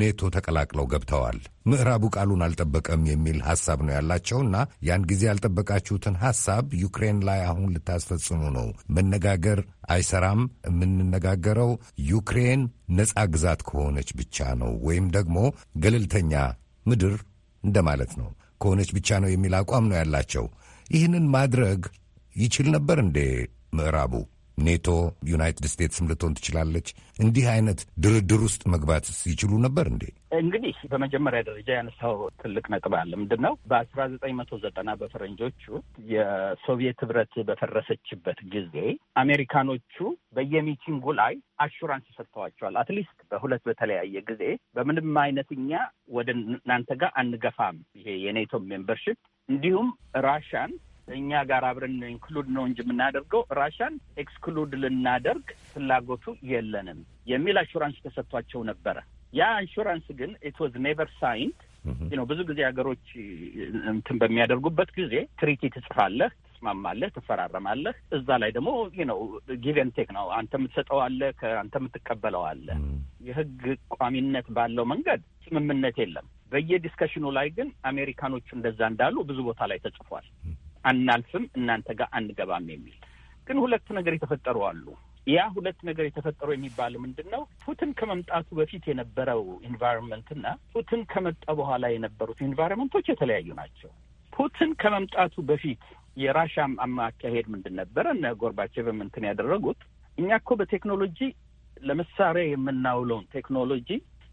[SPEAKER 2] ኔቶ ተቀላቅለው ገብተዋል። ምዕራቡ ቃሉን አልጠበቀም የሚል ሀሳብ ነው ያላቸውና ያን ጊዜ ያልጠበቃችሁትን ሀሳብ ዩክሬን ላይ አሁን ልታስፈጽሙ ነው። መነጋገር አይሰራም። የምንነጋገረው ዩክሬን ነፃ ግዛት ከሆነች ብቻ ነው ወይም ደግሞ ገለልተኛ ምድር እንደማለት ነው ከሆነች ብቻ ነው የሚል አቋም ነው ያላቸው። ይህንን ማድረግ ይችል ነበር እንዴ ምዕራቡ? ኔቶ፣ ዩናይትድ ስቴትስም ልትሆን ትችላለች። እንዲህ አይነት ድርድር ውስጥ መግባት ሲችሉ ነበር እንዴ?
[SPEAKER 6] እንግዲህ በመጀመሪያ ደረጃ ያነሳው ትልቅ ነጥብ አለ። ምንድን ነው በአስራ ዘጠኝ መቶ ዘጠና በፈረንጆቹ የሶቪየት ህብረት በፈረሰችበት ጊዜ አሜሪካኖቹ በየሚቲንጉ ላይ አሹራንስ ሰጥተዋቸዋል። አትሊስት በሁለት በተለያየ ጊዜ በምንም አይነት እኛ ወደ እናንተ ጋር አንገፋም፣ ይሄ የኔቶ ሜምበርሽፕ እንዲሁም ራሽያን እኛ ጋር አብረን ኢንክሉድ ነው እንጂ የምናደርገው ራሻን ኤክስክሉድ ልናደርግ ፍላጎቱ የለንም የሚል አሹራንስ ተሰጥቷቸው ነበረ። ያ አንሹራንስ ግን ኢት ዋዝ ኔቨር ሳይንድ ነው። ብዙ ጊዜ ሀገሮች እንትን በሚያደርጉበት ጊዜ ትሪቲ ትጽፋለህ፣ ትስማማለህ፣ ትፈራረማለህ። እዛ ላይ ደግሞ ነው ጊቨን ቴክ ነው። አንተ አለ ከአንተ አለ። የህግ ቋሚነት ባለው መንገድ ስምምነት የለም። በየዲስከሽኑ ላይ ግን አሜሪካኖቹ እንደዛ እንዳሉ ብዙ ቦታ ላይ ተጽፏል። አናልፍም፣ እናንተ ጋር አንገባም የሚል ግን ሁለት ነገር የተፈጠሩ አሉ። ያ ሁለት ነገር የተፈጠሩ የሚባለው ምንድን ነው? ፑቲን ከመምጣቱ በፊት የነበረው ኢንቫይሮንመንትና ፑቲን ከመጣ በኋላ የነበሩት ኢንቫይሮንመንቶች የተለያዩ ናቸው። ፑቲን ከመምጣቱ በፊት የራሻም አማካሄድ ምንድን ነበረ? እነ ጎርባቼቭም እንትን ያደረጉት እኛ እኮ በቴክኖሎጂ ለመሳሪያ የምናውለውን ቴክኖሎጂ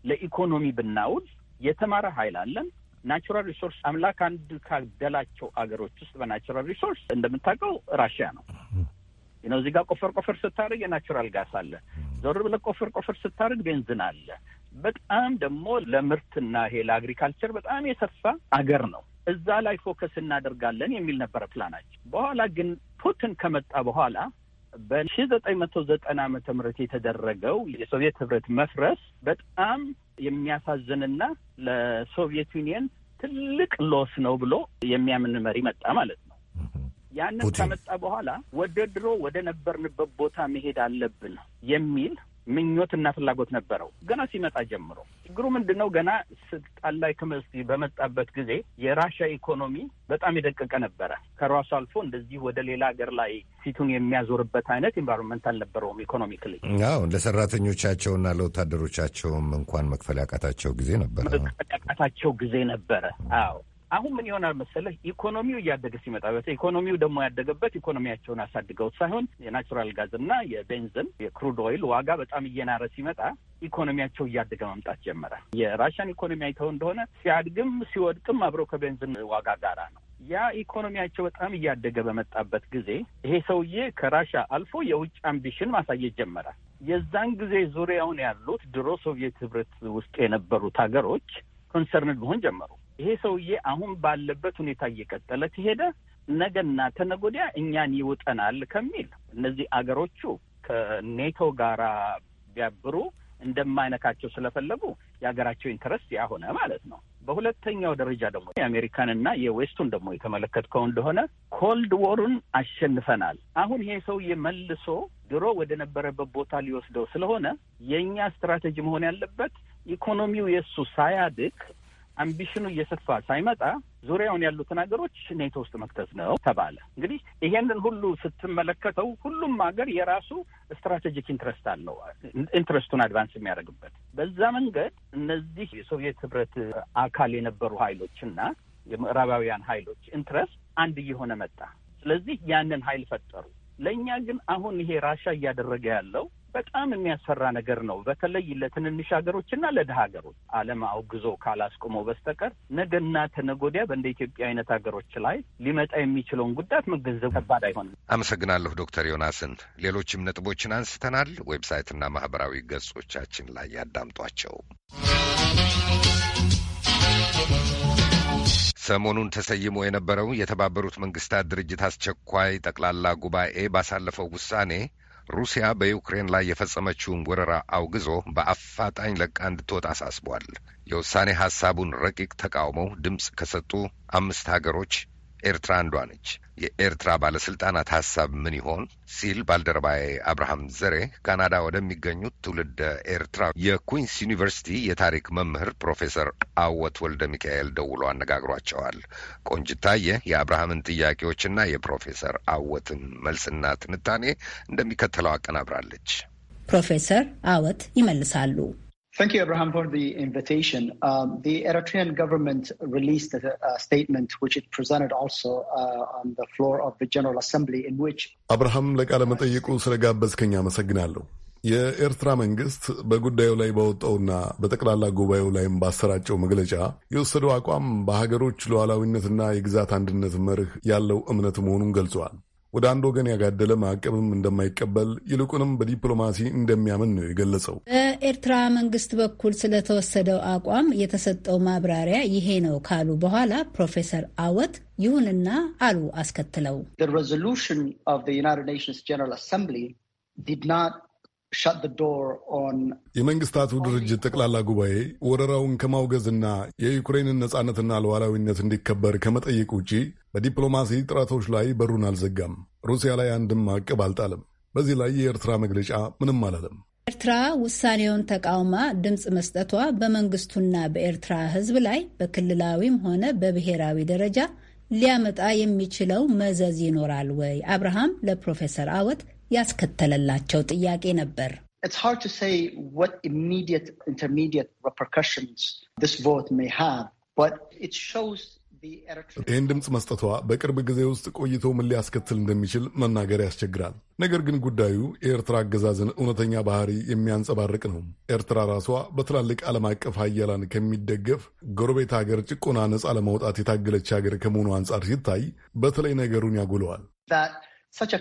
[SPEAKER 6] ለኢኮኖሚ ብናውል የተማረ ኃይል አለን፣ ናቹራል ሪሶርስ አምላክ አንድ ካደላቸው አገሮች ውስጥ በናቹራል ሪሶርስ እንደምታውቀው ራሽያ ነው። ነው እዚህ ጋር ቆፈር ቆፈር ስታደርግ የናቹራል ጋስ አለ። ዞር ብለህ ቆፈር ቆፈር ስታደርግ ቤንዝን አለ። በጣም ደግሞ ለምርትና ይሄ ለአግሪካልቸር በጣም የሰፋ አገር ነው። እዛ ላይ ፎከስ እናደርጋለን የሚል ነበረ ፕላናቸው። በኋላ ግን ፑቲን ከመጣ በኋላ በሺ ዘጠኝ መቶ ዘጠና ዓመተ ምህረት የተደረገው የሶቪየት ህብረት መፍረስ በጣም የሚያሳዝንና ለሶቪየት ዩኒየን ትልቅ ሎስ ነው ብሎ የሚያምን መሪ መጣ ማለት ነው። ያንን ከመጣ በኋላ ወደ ድሮ ወደ ነበርንበት ቦታ መሄድ አለብን የሚል ምኞትና ፍላጎት ነበረው ገና ሲመጣ ጀምሮ። ችግሩ ምንድን ነው? ገና ስልጣን ላይ በመጣበት ጊዜ የራሻ ኢኮኖሚ በጣም የደቀቀ ነበረ። ከራሱ አልፎ እንደዚህ ወደ ሌላ ሀገር ላይ ፊቱን የሚያዞርበት አይነት ኢንቫይሮንመንት አልነበረውም ኢኮኖሚክሊ።
[SPEAKER 2] አዎ ለሰራተኞቻቸውና ለወታደሮቻቸውም እንኳን መክፈል ያቃታቸው ጊዜ ነበረ። መክፈል ያቃታቸው ጊዜ ነበረ።
[SPEAKER 6] አዎ አሁን ምን ይሆናል መሰለህ፣ ኢኮኖሚው እያደገ ሲመጣ በተለይ ኢኮኖሚው ደግሞ ያደገበት ኢኮኖሚያቸውን አሳድገውት ሳይሆን የናቹራል ጋዝ እና የቤንዝን የክሩድ ኦይል ዋጋ በጣም እየናረ ሲመጣ ኢኮኖሚያቸው እያደገ መምጣት ጀመረ። የራሽያን ኢኮኖሚ አይተው እንደሆነ ሲያድግም ሲወድቅም አብሮ ከቤንዝን ዋጋ ጋር ነው። ያ ኢኮኖሚያቸው በጣም እያደገ በመጣበት ጊዜ ይሄ ሰውዬ ከራሻ አልፎ የውጭ አምቢሽን ማሳየት ጀመረ። የዛን ጊዜ ዙሪያውን ያሉት ድሮ ሶቪየት ህብረት ውስጥ የነበሩት ሀገሮች ኮንሰርንድ መሆን ጀመሩ። ይሄ ሰውዬ አሁን ባለበት ሁኔታ እየቀጠለ ከሄደ ነገና ተነጎዲያ እኛን ይውጠናል ከሚል እነዚህ አገሮቹ ከኔቶ ጋራ ቢያብሩ እንደማይነካቸው ስለፈለጉ የሀገራቸው ኢንትረስት ያ ሆነ ማለት ነው። በሁለተኛው ደረጃ ደግሞ የአሜሪካንና የዌስቱን ደግሞ የተመለከትከው እንደሆነ ኮልድ ዎሩን አሸንፈናል። አሁን ይሄ ሰውዬ መልሶ ድሮ ወደ ነበረበት ቦታ ሊወስደው ስለሆነ የእኛ ስትራቴጂ መሆን ያለበት ኢኮኖሚው የእሱ ሳያድግ አምቢሽኑ እየሰፋ ሳይመጣ ዙሪያውን ያሉትን ሀገሮች ኔቶ ውስጥ መክተት ነው ተባለ። እንግዲህ ይሄንን ሁሉ ስትመለከተው ሁሉም ሀገር የራሱ ስትራቴጂክ ኢንትረስት አለው፣ ኢንትረስቱን አድቫንስ የሚያደርግበት በዛ መንገድ እነዚህ የሶቪየት ህብረት አካል የነበሩ ሀይሎችና የምዕራባውያን ሀይሎች ኢንትረስት አንድ እየሆነ መጣ። ስለዚህ ያንን ሀይል ፈጠሩ። ለእኛ ግን አሁን ይሄ ራሻ እያደረገ ያለው በጣም የሚያስፈራ ነገር ነው። በተለይ ለትንንሽ ሀገሮችና ለድሀ ሀገሮች ዓለም አውግዞ ካላስቆመው በስተቀር ነገና ተነጎዲያ በእንደ ኢትዮጵያ አይነት ሀገሮች ላይ ሊመጣ የሚችለውን ጉዳት መገንዘብ ከባድ አይሆንም።
[SPEAKER 2] አመሰግናለሁ ዶክተር ዮናስን። ሌሎችም ነጥቦችን አንስተናል። ዌብሳይትና ማህበራዊ ገጾቻችን ላይ ያዳምጧቸው። ሰሞኑን ተሰይሞ የነበረው የተባበሩት መንግስታት ድርጅት አስቸኳይ ጠቅላላ ጉባኤ ባሳለፈው ውሳኔ ሩሲያ በዩክሬን ላይ የፈጸመችውን ወረራ አውግዞ በአፋጣኝ ለቃ እንድትወጣ አሳስቧል። የውሳኔ ሐሳቡን ረቂቅ ተቃውመው ድምፅ ከሰጡ አምስት ሀገሮች ኤርትራ አንዷ ነች። የኤርትራ ባለስልጣናት ሀሳብ ምን ይሆን ሲል ባልደረባዬ አብርሃም ዘሬ ካናዳ ወደሚገኙት ትውልደ ኤርትራ የኩንስ ዩኒቨርሲቲ የታሪክ መምህር ፕሮፌሰር አወት ወልደ ሚካኤል ደውሎ አነጋግሯቸዋል። ቆንጅታየ የአብርሃምን ጥያቄዎችና የፕሮፌሰር አወትን መልስና ትንታኔ እንደሚከተለው አቀናብራለች።
[SPEAKER 8] ፕሮፌሰር አወት ይመልሳሉ።
[SPEAKER 9] Thank you, Abraham, for the invitation. Um, the Eritrean government released a, a, statement which it presented also uh, on the floor of the General Assembly in which
[SPEAKER 4] አብርሃም ለቃለ መጠይቁ ስለጋበዝከኝ አመሰግናለሁ። የኤርትራ መንግስት በጉዳዩ ላይ ባወጣውና በጠቅላላ ጉባኤው ላይም ባሰራጨው መግለጫ የወሰደው አቋም በሀገሮች ሉዓላዊነትና የግዛት አንድነት መርህ ያለው እምነት መሆኑን ገልጸዋል። ወደ አንድ ወገን ያጋደለ ማዕቀብም እንደማይቀበል ይልቁንም በዲፕሎማሲ እንደሚያምን ነው የገለጸው።
[SPEAKER 8] በኤርትራ መንግስት በኩል ስለተወሰደው አቋም የተሰጠው ማብራሪያ ይሄ ነው ካሉ በኋላ ፕሮፌሰር አወት ይሁንና አሉ አስከትለው
[SPEAKER 4] የመንግስታቱ ድርጅት ጠቅላላ ጉባኤ ወረራውን ከማውገዝና የዩክሬንን ነጻነትና ሉዓላዊነት እንዲከበር ከመጠየቅ ውጪ በዲፕሎማሲ ጥረቶች ላይ በሩን አልዘጋም። ሩሲያ ላይ አንድም ማዕቀብ አልጣለም። በዚህ ላይ የኤርትራ መግለጫ ምንም አላለም።
[SPEAKER 8] ኤርትራ ውሳኔውን ተቃውማ ድምፅ መስጠቷ በመንግስቱና በኤርትራ ሕዝብ ላይ በክልላዊም ሆነ በብሔራዊ ደረጃ ሊያመጣ የሚችለው መዘዝ ይኖራል ወይ? አብርሃም ለፕሮፌሰር አወት ያስከተለላቸው ጥያቄ ነበር።
[SPEAKER 4] ይህን ድምፅ መስጠቷ በቅርብ ጊዜ ውስጥ ቆይቶ ምን ሊያስከትል እንደሚችል መናገር ያስቸግራል። ነገር ግን ጉዳዩ የኤርትራ አገዛዝን እውነተኛ ባህሪ የሚያንጸባርቅ ነው። ኤርትራ ራሷ በትላልቅ ዓለም አቀፍ ሀያላን ከሚደገፍ ጎረቤት ሀገር ጭቆና ነፃ ለማውጣት የታገለች ሀገር ከመሆኑ አንጻር ሲታይ በተለይ ነገሩን ያጎለዋል።
[SPEAKER 9] such a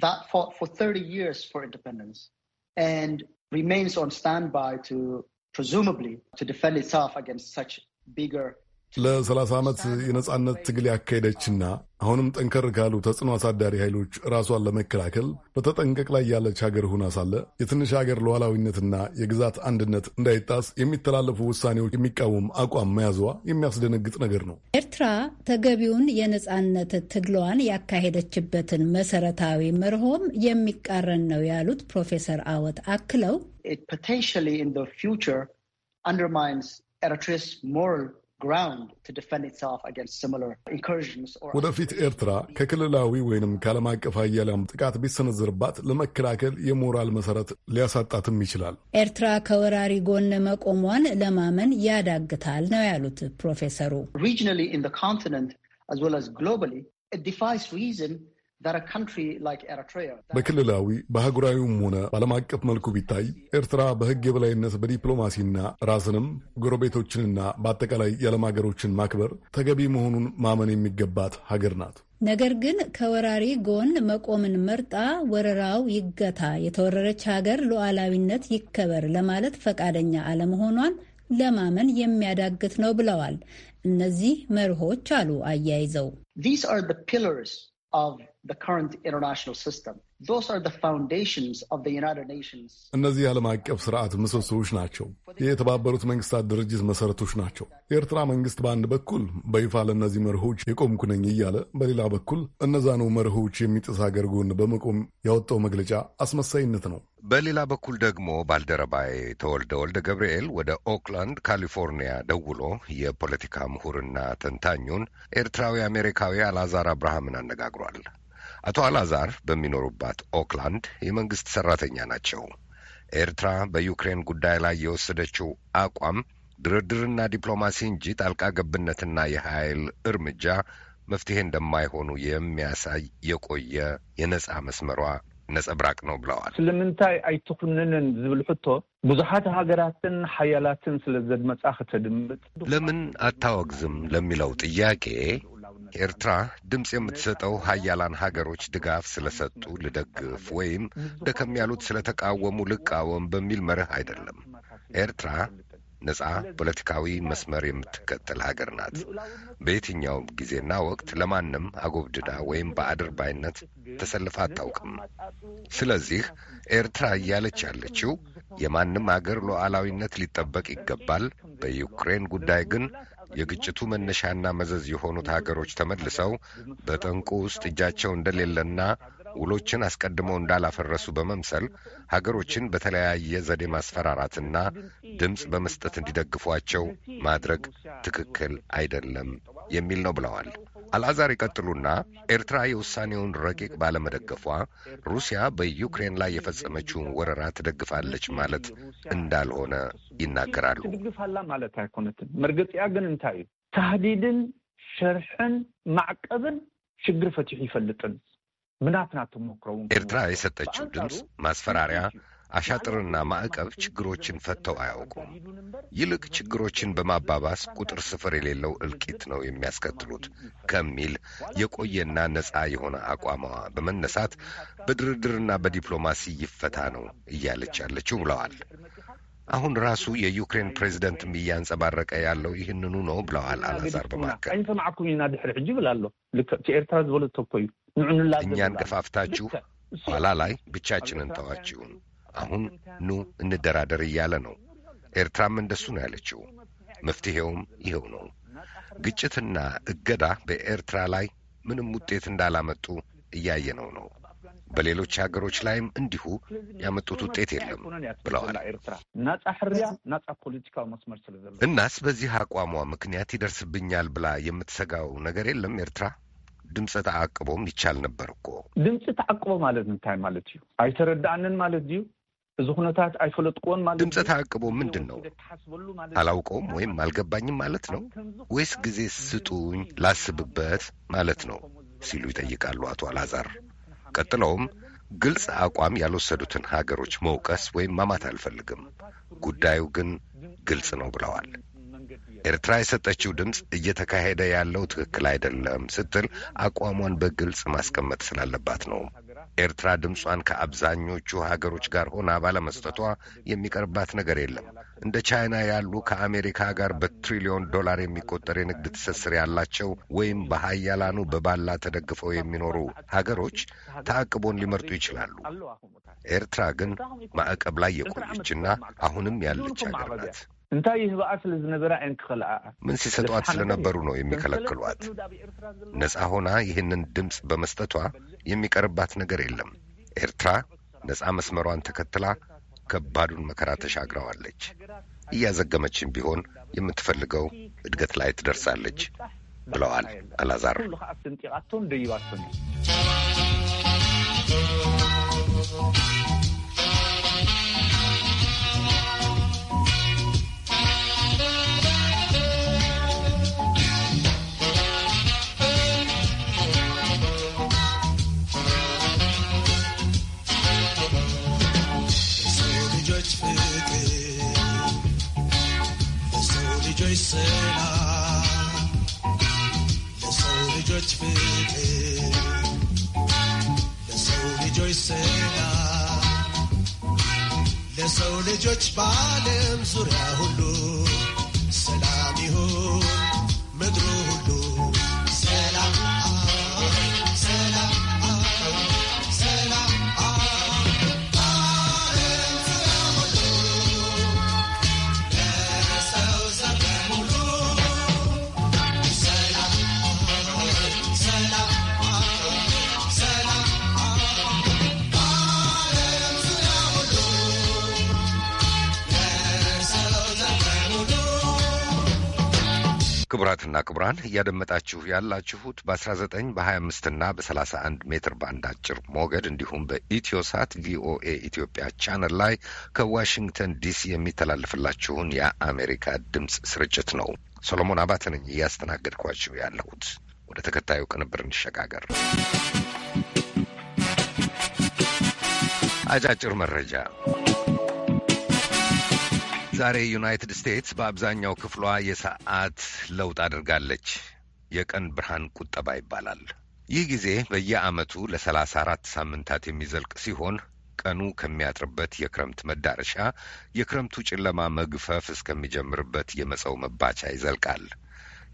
[SPEAKER 9] that fought for 30 years for independence and remains on standby to presumably to defend itself against such bigger
[SPEAKER 4] ለ30 ዓመት የነጻነት ትግል ያካሄደችና አሁንም ጠንከር ካሉ ተጽዕኖ አሳዳሪ ኃይሎች ራሷን ለመከላከል በተጠንቀቅ ላይ ያለች ሀገር ሆና ሳለ የትንሽ ሀገር ሉዓላዊነትና የግዛት አንድነት እንዳይጣስ የሚተላለፉ ውሳኔዎች የሚቃወም አቋም መያዟ የሚያስደነግጥ ነገር ነው።
[SPEAKER 8] ኤርትራ ተገቢውን የነጻነት ትግሏን ያካሄደችበትን መሰረታዊ መርሆም የሚቃረን ነው ያሉት ፕሮፌሰር አወት አክለው
[SPEAKER 9] ኤርትራስ ሞራል
[SPEAKER 4] ወደፊት ኤርትራ ከክልላዊ ወይንም ከዓለም አቀፍ አያሌም ጥቃት ቢሰነዝርባት ለመከላከል የሞራል መሰረት ሊያሳጣትም ይችላል።
[SPEAKER 8] ኤርትራ ከወራሪ ጎን መቆሟን ለማመን ያዳግታል ነው ያሉት ፕሮፌሰሩ
[SPEAKER 9] ሪጅናሊ ኢን ዘ ኮንቲነንት አዝ አዝ ግሎባሊ ኢት ዲፋይስ ሪዝን
[SPEAKER 4] በክልላዊ በአህጉራዊም ሆነ በዓለም አቀፍ መልኩ ቢታይ ኤርትራ በሕግ የበላይነት በዲፕሎማሲና ራስንም ጎረቤቶችንና በአጠቃላይ የዓለም ሀገሮችን ማክበር ተገቢ መሆኑን ማመን የሚገባት ሀገር ናት።
[SPEAKER 8] ነገር ግን ከወራሪ ጎን መቆምን መርጣ ወረራው ይገታ፣ የተወረረች ሀገር ሉዓላዊነት ይከበር ለማለት ፈቃደኛ አለመሆኗን ለማመን የሚያዳግት ነው ብለዋል። እነዚህ መርሆች አሉ አያይዘው
[SPEAKER 4] እነዚህ የዓለም አቀፍ ስርዓት ምሰሶዎች ናቸው፣ የተባበሩት መንግስታት ድርጅት መሰረቶች ናቸው። የኤርትራ መንግስት በአንድ በኩል በይፋ ለእነዚህ መርሆች የቆምኩ ነኝ እያለ በሌላ በኩል እነዛኑ መርሆች የሚጥስ አገር ጎን በመቆም ያወጣው መግለጫ አስመሳይነት ነው።
[SPEAKER 2] በሌላ በኩል ደግሞ ባልደረባዬ ተወልደ ወልደ ገብርኤል ወደ ኦክላንድ ካሊፎርኒያ ደውሎ የፖለቲካ ምሁርና ተንታኙን ኤርትራዊ አሜሪካዊ አልዓዛር አብርሃምን አነጋግሯል። አቶ አላዛር በሚኖሩባት ኦክላንድ የመንግስት ሰራተኛ ናቸው። ኤርትራ በዩክሬን ጉዳይ ላይ የወሰደችው አቋም ድርድርና ዲፕሎማሲ እንጂ ጣልቃ ገብነትና የኃይል እርምጃ መፍትሄ እንደማይሆኑ የሚያሳይ የቆየ የነጻ መስመሯ ነጸብራቅ ነው ብለዋል።
[SPEAKER 3] ስለምንታይ ኣይትኩንንን ዝብል ሕቶ ብዙሓት ሃገራትን ሓያላትን ስለ ዘድመፃ
[SPEAKER 2] ለምን አታወግዝም ለሚለው ጥያቄ ኤርትራ ድምፅ የምትሰጠው ሀያላን ሀገሮች ድጋፍ ስለሰጡ ልደግፍ ወይም ደከም ያሉት ስለተቃወሙ ልቃወም በሚል መርህ አይደለም። ኤርትራ ነጻ ፖለቲካዊ መስመር የምትከተል ሀገር ናት። በየትኛውም ጊዜና ወቅት ለማንም አጎብድዳ ወይም በአድር ባይነት ተሰልፋ አታውቅም። ስለዚህ ኤርትራ እያለች ያለችው የማንም አገር ሉዓላዊነት ሊጠበቅ ይገባል፣ በዩክሬን ጉዳይ ግን የግጭቱ መነሻና መዘዝ የሆኑት ሀገሮች ተመልሰው በጠንቁ ውስጥ እጃቸው እንደሌለና ውሎችን አስቀድመው እንዳላፈረሱ በመምሰል ሀገሮችን በተለያየ ዘዴ ማስፈራራትና ድምፅ በመስጠት እንዲደግፏቸው ማድረግ ትክክል አይደለም የሚል ነው ብለዋል። አልአዛር ይቀጥሉና ኤርትራ የውሳኔውን ረቂቅ ባለመደገፏ ሩሲያ በዩክሬን ላይ የፈጸመችውን ወረራ ትደግፋለች ማለት እንዳልሆነ ይናገራሉ። ትድግፋላ ማለት አይኮነትን መርገፂያ ግን እንታይ እዩ ታህዲድን
[SPEAKER 3] ሸርሕን ማዕቀብን ችግር ፈትሑ ይፈልጥን ምናት
[SPEAKER 2] ኤርትራ የሰጠችው ድምፅ ማስፈራሪያ አሻጥርና ማዕቀብ ችግሮችን ፈተው አያውቁም። ይልቅ ችግሮችን በማባባስ ቁጥር ስፍር የሌለው እልቂት ነው የሚያስከትሉት ከሚል የቆየና ነፃ የሆነ አቋሟ በመነሳት በድርድርና በዲፕሎማሲ ይፈታ ነው እያለች ያለችው ብለዋል። አሁን ራሱ የዩክሬን ፕሬዚደንትም እያንጸባረቀ ያለው ይህንኑ ነው ብለዋል አልዓዛር በማከል እኛን ገፋፍታችሁ ኋላ ላይ ብቻችንን ተዋችሁን አሁን ኑ እንደራደር እያለ ነው። ኤርትራም እንደሱ ነው ያለችው። መፍትሄውም ይኸው ነው። ግጭትና እገዳ በኤርትራ ላይ ምንም ውጤት እንዳላመጡ እያየነው ነው። በሌሎች ሀገሮች ላይም እንዲሁ ያመጡት ውጤት የለም ብለዋል። እናስ በዚህ አቋሟ ምክንያት ይደርስብኛል ብላ የምትሰጋው ነገር የለም ኤርትራ ድምፅ ተአቅቦም ይቻል ነበር እኮ ድምፅ ተአቅቦ ማለት እንታይ ማለት እዩ አይተረዳእንን ማለት እዩ እዚ ኩነታት ኣይፈለጥክዎን ማለት ድምፀ ተዓቅቦ ምንድን ነው? አላውቀውም ወይም አልገባኝም ማለት ነው ወይስ ጊዜ ስጡኝ ላስብበት ማለት ነው ሲሉ ይጠይቃሉ አቶ አልዓዛር። ቀጥለውም ግልጽ አቋም ያልወሰዱትን ሀገሮች መውቀስ ወይም ማማት አልፈልግም፣ ጉዳዩ ግን ግልጽ ነው ብለዋል። ኤርትራ የሰጠችው ድምፅ እየተካሄደ ያለው ትክክል አይደለም ስትል አቋሟን በግልጽ ማስቀመጥ ስላለባት ነው ኤርትራ ድምጿን ከአብዛኞቹ ሀገሮች ጋር ሆና ባለመስጠቷ የሚቀርባት ነገር የለም። እንደ ቻይና ያሉ ከአሜሪካ ጋር በትሪሊዮን ዶላር የሚቆጠር የንግድ ትስስር ያላቸው ወይም በሀያላኑ በባላ ተደግፈው የሚኖሩ ሀገሮች ተአቅቦን ሊመርጡ ይችላሉ። ኤርትራ ግን ማዕቀብ ላይ የቆየችና አሁንም ያለች
[SPEAKER 3] ሀገር ናት። እንታይ ይህብኣ ስለ ዝነበራ እየን ክኸልዓ
[SPEAKER 2] ምንሲ ሰጥዋት ስለነበሩ ነው የሚከለክሏት። ነፃ ሆና ይህንን ድምፅ በመስጠቷ የሚቀርባት ነገር የለም። ኤርትራ ነፃ መስመሯን ተከትላ ከባዱን መከራ ተሻግረዋለች። እያዘገመችን ቢሆን የምትፈልገው እድገት ላይ ትደርሳለች ብለዋል አላዛር።
[SPEAKER 3] será. Your soul rejoice within. Your soul rejoice será. ለሰው ልጆች
[SPEAKER 10] በዓለም ዙሪያ ሁሉ ሰላም ይሁን ምድሩ
[SPEAKER 2] ክቡራትና ክቡራን እያደመጣችሁ ያላችሁት በ19 በ25 እና በ31 ሜትር ባንድ አጭር ሞገድ እንዲሁም በኢትዮሳት ቪኦኤ ኢትዮጵያ ቻነል ላይ ከዋሽንግተን ዲሲ የሚተላለፍላችሁን የአሜሪካ ድምፅ ስርጭት ነው። ሰሎሞን አባተ ነኝ እያስተናገድኳችሁ ያለሁት። ወደ ተከታዩ ቅንብር እንሸጋገር። አጫጭር መረጃ ዛሬ ዩናይትድ ስቴትስ በአብዛኛው ክፍሏ የሰዓት ለውጥ አድርጋለች። የቀን ብርሃን ቁጠባ ይባላል። ይህ ጊዜ በየዓመቱ ለሰላሳ አራት ሳምንታት የሚዘልቅ ሲሆን ቀኑ ከሚያጥርበት የክረምት መዳረሻ የክረምቱ ጨለማ መግፈፍ እስከሚጀምርበት የመጸው መባቻ ይዘልቃል።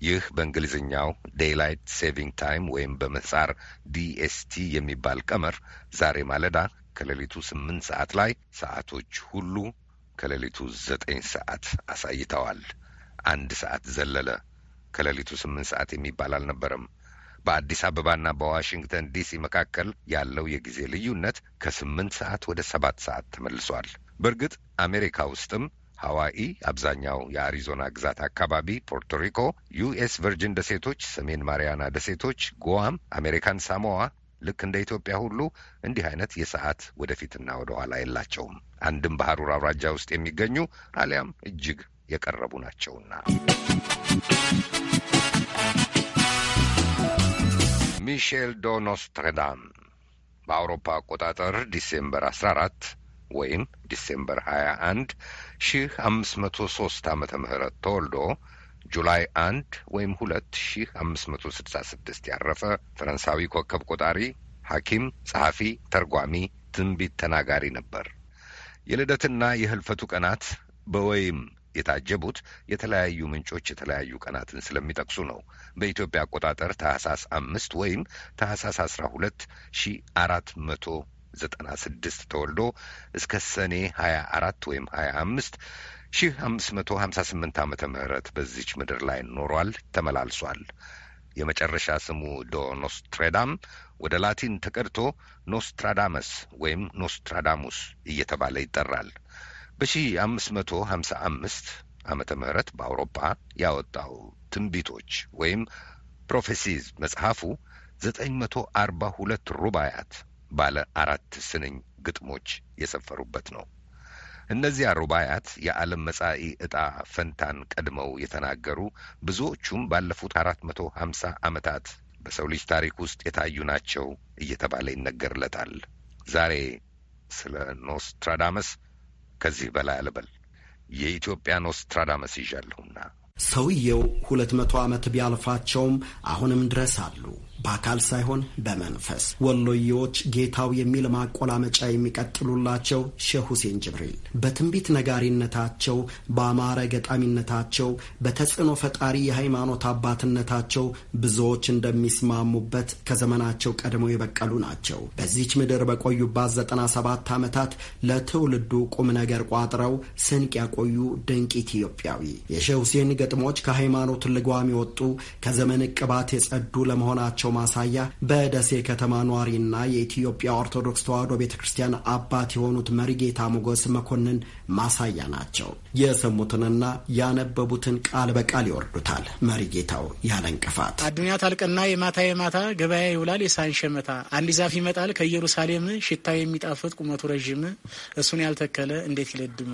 [SPEAKER 2] ይህ በእንግሊዝኛው ዴይላይት ሴቪንግ ታይም ወይም በምህጻር ዲኤስቲ የሚባል ቀመር ዛሬ ማለዳ ከሌሊቱ ስምንት ሰዓት ላይ ሰዓቶች ሁሉ ከሌሊቱ ዘጠኝ ሰዓት አሳይተዋል። አንድ ሰዓት ዘለለ። ከሌሊቱ ስምንት ሰዓት የሚባል አልነበረም። በአዲስ አበባና በዋሽንግተን ዲሲ መካከል ያለው የጊዜ ልዩነት ከስምንት ሰዓት ወደ ሰባት ሰዓት ተመልሷል። በእርግጥ አሜሪካ ውስጥም ሐዋይ፣ አብዛኛው የአሪዞና ግዛት አካባቢ፣ ፖርቶሪኮ፣ ዩኤስ ቨርጅን ደሴቶች፣ ሰሜን ማሪያና ደሴቶች፣ ጎዋም፣ አሜሪካን ሳሞዋ፣ ልክ እንደ ኢትዮጵያ ሁሉ እንዲህ አይነት የሰዓት ወደፊትና ወደኋላ የላቸውም። አንድም ባህሩር አውራጃ ውስጥ የሚገኙ አሊያም እጅግ የቀረቡ ናቸውና። ሚሼል ዶ ኖስትረዳም በአውሮፓ አቆጣጠር ዲሴምበር 14 ወይም ዲሴምበር 21 ሺህ 53 ዓመተ ምህረት ተወልዶ ጁላይ 1 ወይም 2566 ያረፈ ፈረንሳዊ ኮከብ ቆጣሪ ሐኪም፣ ጸሐፊ፣ ተርጓሚ፣ ትንቢት ተናጋሪ ነበር። የልደትና የህልፈቱ ቀናት በወይም የታጀቡት የተለያዩ ምንጮች የተለያዩ ቀናትን ስለሚጠቅሱ ነው። በኢትዮጵያ አቆጣጠር ታህሳስ አምስት ወይም ታህሳስ አስራ ሁለት ሺ አራት መቶ ዘጠና ስድስት ተወልዶ እስከ ሰኔ ሀያ አራት ወይም ሀያ አምስት ሺህ 1558 ዓመተ ምህረት በዚች ምድር ላይ ኖሯል፣ ተመላልሷል። የመጨረሻ ስሙ ዶ ኖስትራዳም ወደ ላቲን ተቀድቶ ኖስትራዳመስ ወይም ኖስትራዳሙስ እየተባለ ይጠራል። በ1555 ዓመተ ምህረት በአውሮፓ ያወጣው ትንቢቶች ወይም ፕሮፌሲዝ መጽሐፉ 942 ሩባያት ባለ አራት ስንኝ ግጥሞች የሰፈሩበት ነው። እነዚያ ሩባያት የዓለም መጻኢ ዕጣ ፈንታን ቀድመው የተናገሩ ብዙዎቹም ባለፉት አራት መቶ ሀምሳ ዓመታት በሰው ልጅ ታሪክ ውስጥ የታዩ ናቸው እየተባለ ይነገርለታል። ዛሬ ስለ ኖስትራዳመስ ከዚህ በላይ አልበል። የኢትዮጵያ ኖስትራዳመስ ይዣለሁና
[SPEAKER 10] ሰውየው ሁለት መቶ ዓመት ቢያልፋቸውም አሁንም ድረስ አሉ። በአካል ሳይሆን በመንፈስ ወሎዬዎች ጌታው የሚል ማቆላመጫ የሚቀጥሉላቸው ሼህ ሁሴን ጅብሪል በትንቢት ነጋሪነታቸው፣ በአማረ ገጣሚነታቸው፣ በተጽዕኖ ፈጣሪ የሃይማኖት አባትነታቸው ብዙዎች እንደሚስማሙበት ከዘመናቸው ቀድመው የበቀሉ ናቸው። በዚች ምድር በቆዩባት 97 ዓመታት ለትውልዱ ቁም ነገር ቋጥረው ስንቅ ያቆዩ ድንቅ ኢትዮጵያዊ የሼህ ሁሴን ግጥሞች ከሃይማኖት ልጓም የወጡ ከዘመን እቅባት የጸዱ ለመሆናቸው ማሳያ በደሴ ከተማ ኗሪና የኢትዮጵያ ኦርቶዶክስ ተዋሕዶ ቤተ ክርስቲያን አባት የሆኑት መሪጌታ ሞገስ መኮንን ማሳያ ናቸው። የሰሙትንና ያነበቡትን ቃል በቃል ይወርዱታል። መሪጌታው ያለ እንቅፋት
[SPEAKER 11] አዱኛ ታልቅና የማታ የማታ ገበያ ይውላል የሳንሸመታ አንድ ዛፍ ይመጣል ከኢየሩሳሌም ሽታ የሚጣፍጥ ቁመቱ ረዥም እሱን ያልተከለ እንዴት ይለድም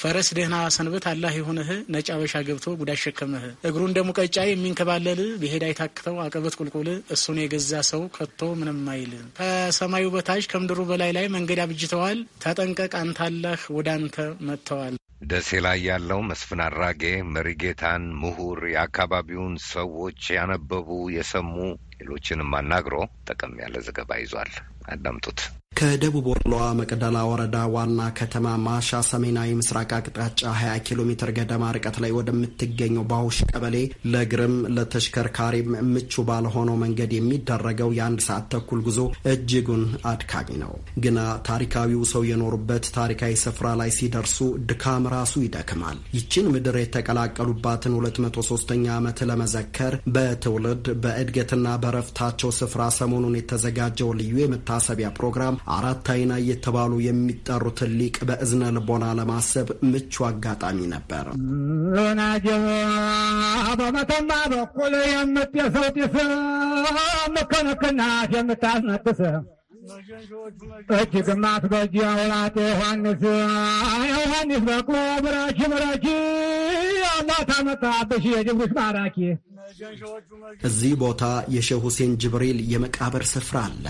[SPEAKER 11] ፈረስ ደህና ሰንበት አላህ የሆነህ ነጭ አበሻ ገብቶ ጉዳ ሸከመህ እግሩ እንደ ሙቀጫ የሚንከባለል ብሄዳ ይታክተው አቀበት ቁልቁል እሱን የገዛ ሰው ከቶ ምንም አይልም። ከሰማዩ በታች ከምድሩ በላይ ላይ መንገድ አብጅተዋል። ተጠንቀቅ፣ አንታለህ ወደ አንተ መጥተዋል።
[SPEAKER 2] ደሴ ላይ ያለው መስፍን አራጌ መሪጌታን ምሁር፣ የአካባቢውን ሰዎች ያነበቡ የሰሙ ሌሎችንም አናግሮ ጠቀም ያለ ዘገባ ይዟል። አዳምጡት።
[SPEAKER 10] ከደቡብ ወሎዋ መቅደላ ወረዳ ዋና ከተማ ማሻ ሰሜናዊ ምስራቅ አቅጣጫ 20 ኪሎ ሜትር ገደማ ርቀት ላይ ወደምትገኘው ባሁሽ ቀበሌ ለእግርም ለተሽከርካሪም ምቹ ባልሆነው መንገድ የሚደረገው የአንድ ሰዓት ተኩል ጉዞ እጅጉን አድካሚ ነው። ግና ታሪካዊው ሰው የኖሩበት ታሪካዊ ስፍራ ላይ ሲደርሱ ድካም ራሱ ይደክማል። ይችን ምድር የተቀላቀሉባትን 203ኛ ዓመት ለመዘከር በትውልድ በእድገትና በረፍታቸው ስፍራ ሰሞኑን የተዘጋጀው ልዩ የመታሰቢያ ፕሮግራም አራት አይና እየተባሉ የሚጠሩትን ሊቅ በእዝነ ልቦና ለማሰብ ምቹ አጋጣሚ
[SPEAKER 3] ነበር። ሎናጀበ በመተማ በኩል ጢስ የምታስነጥስ አውላጤ ዮሐንስ ዮሐንስ በቁ አላ ታመጣብሽ ማራኪ
[SPEAKER 10] እዚህ ቦታ የሼህ ሁሴን ጅብሪል የመቃብር ስፍራ አለ።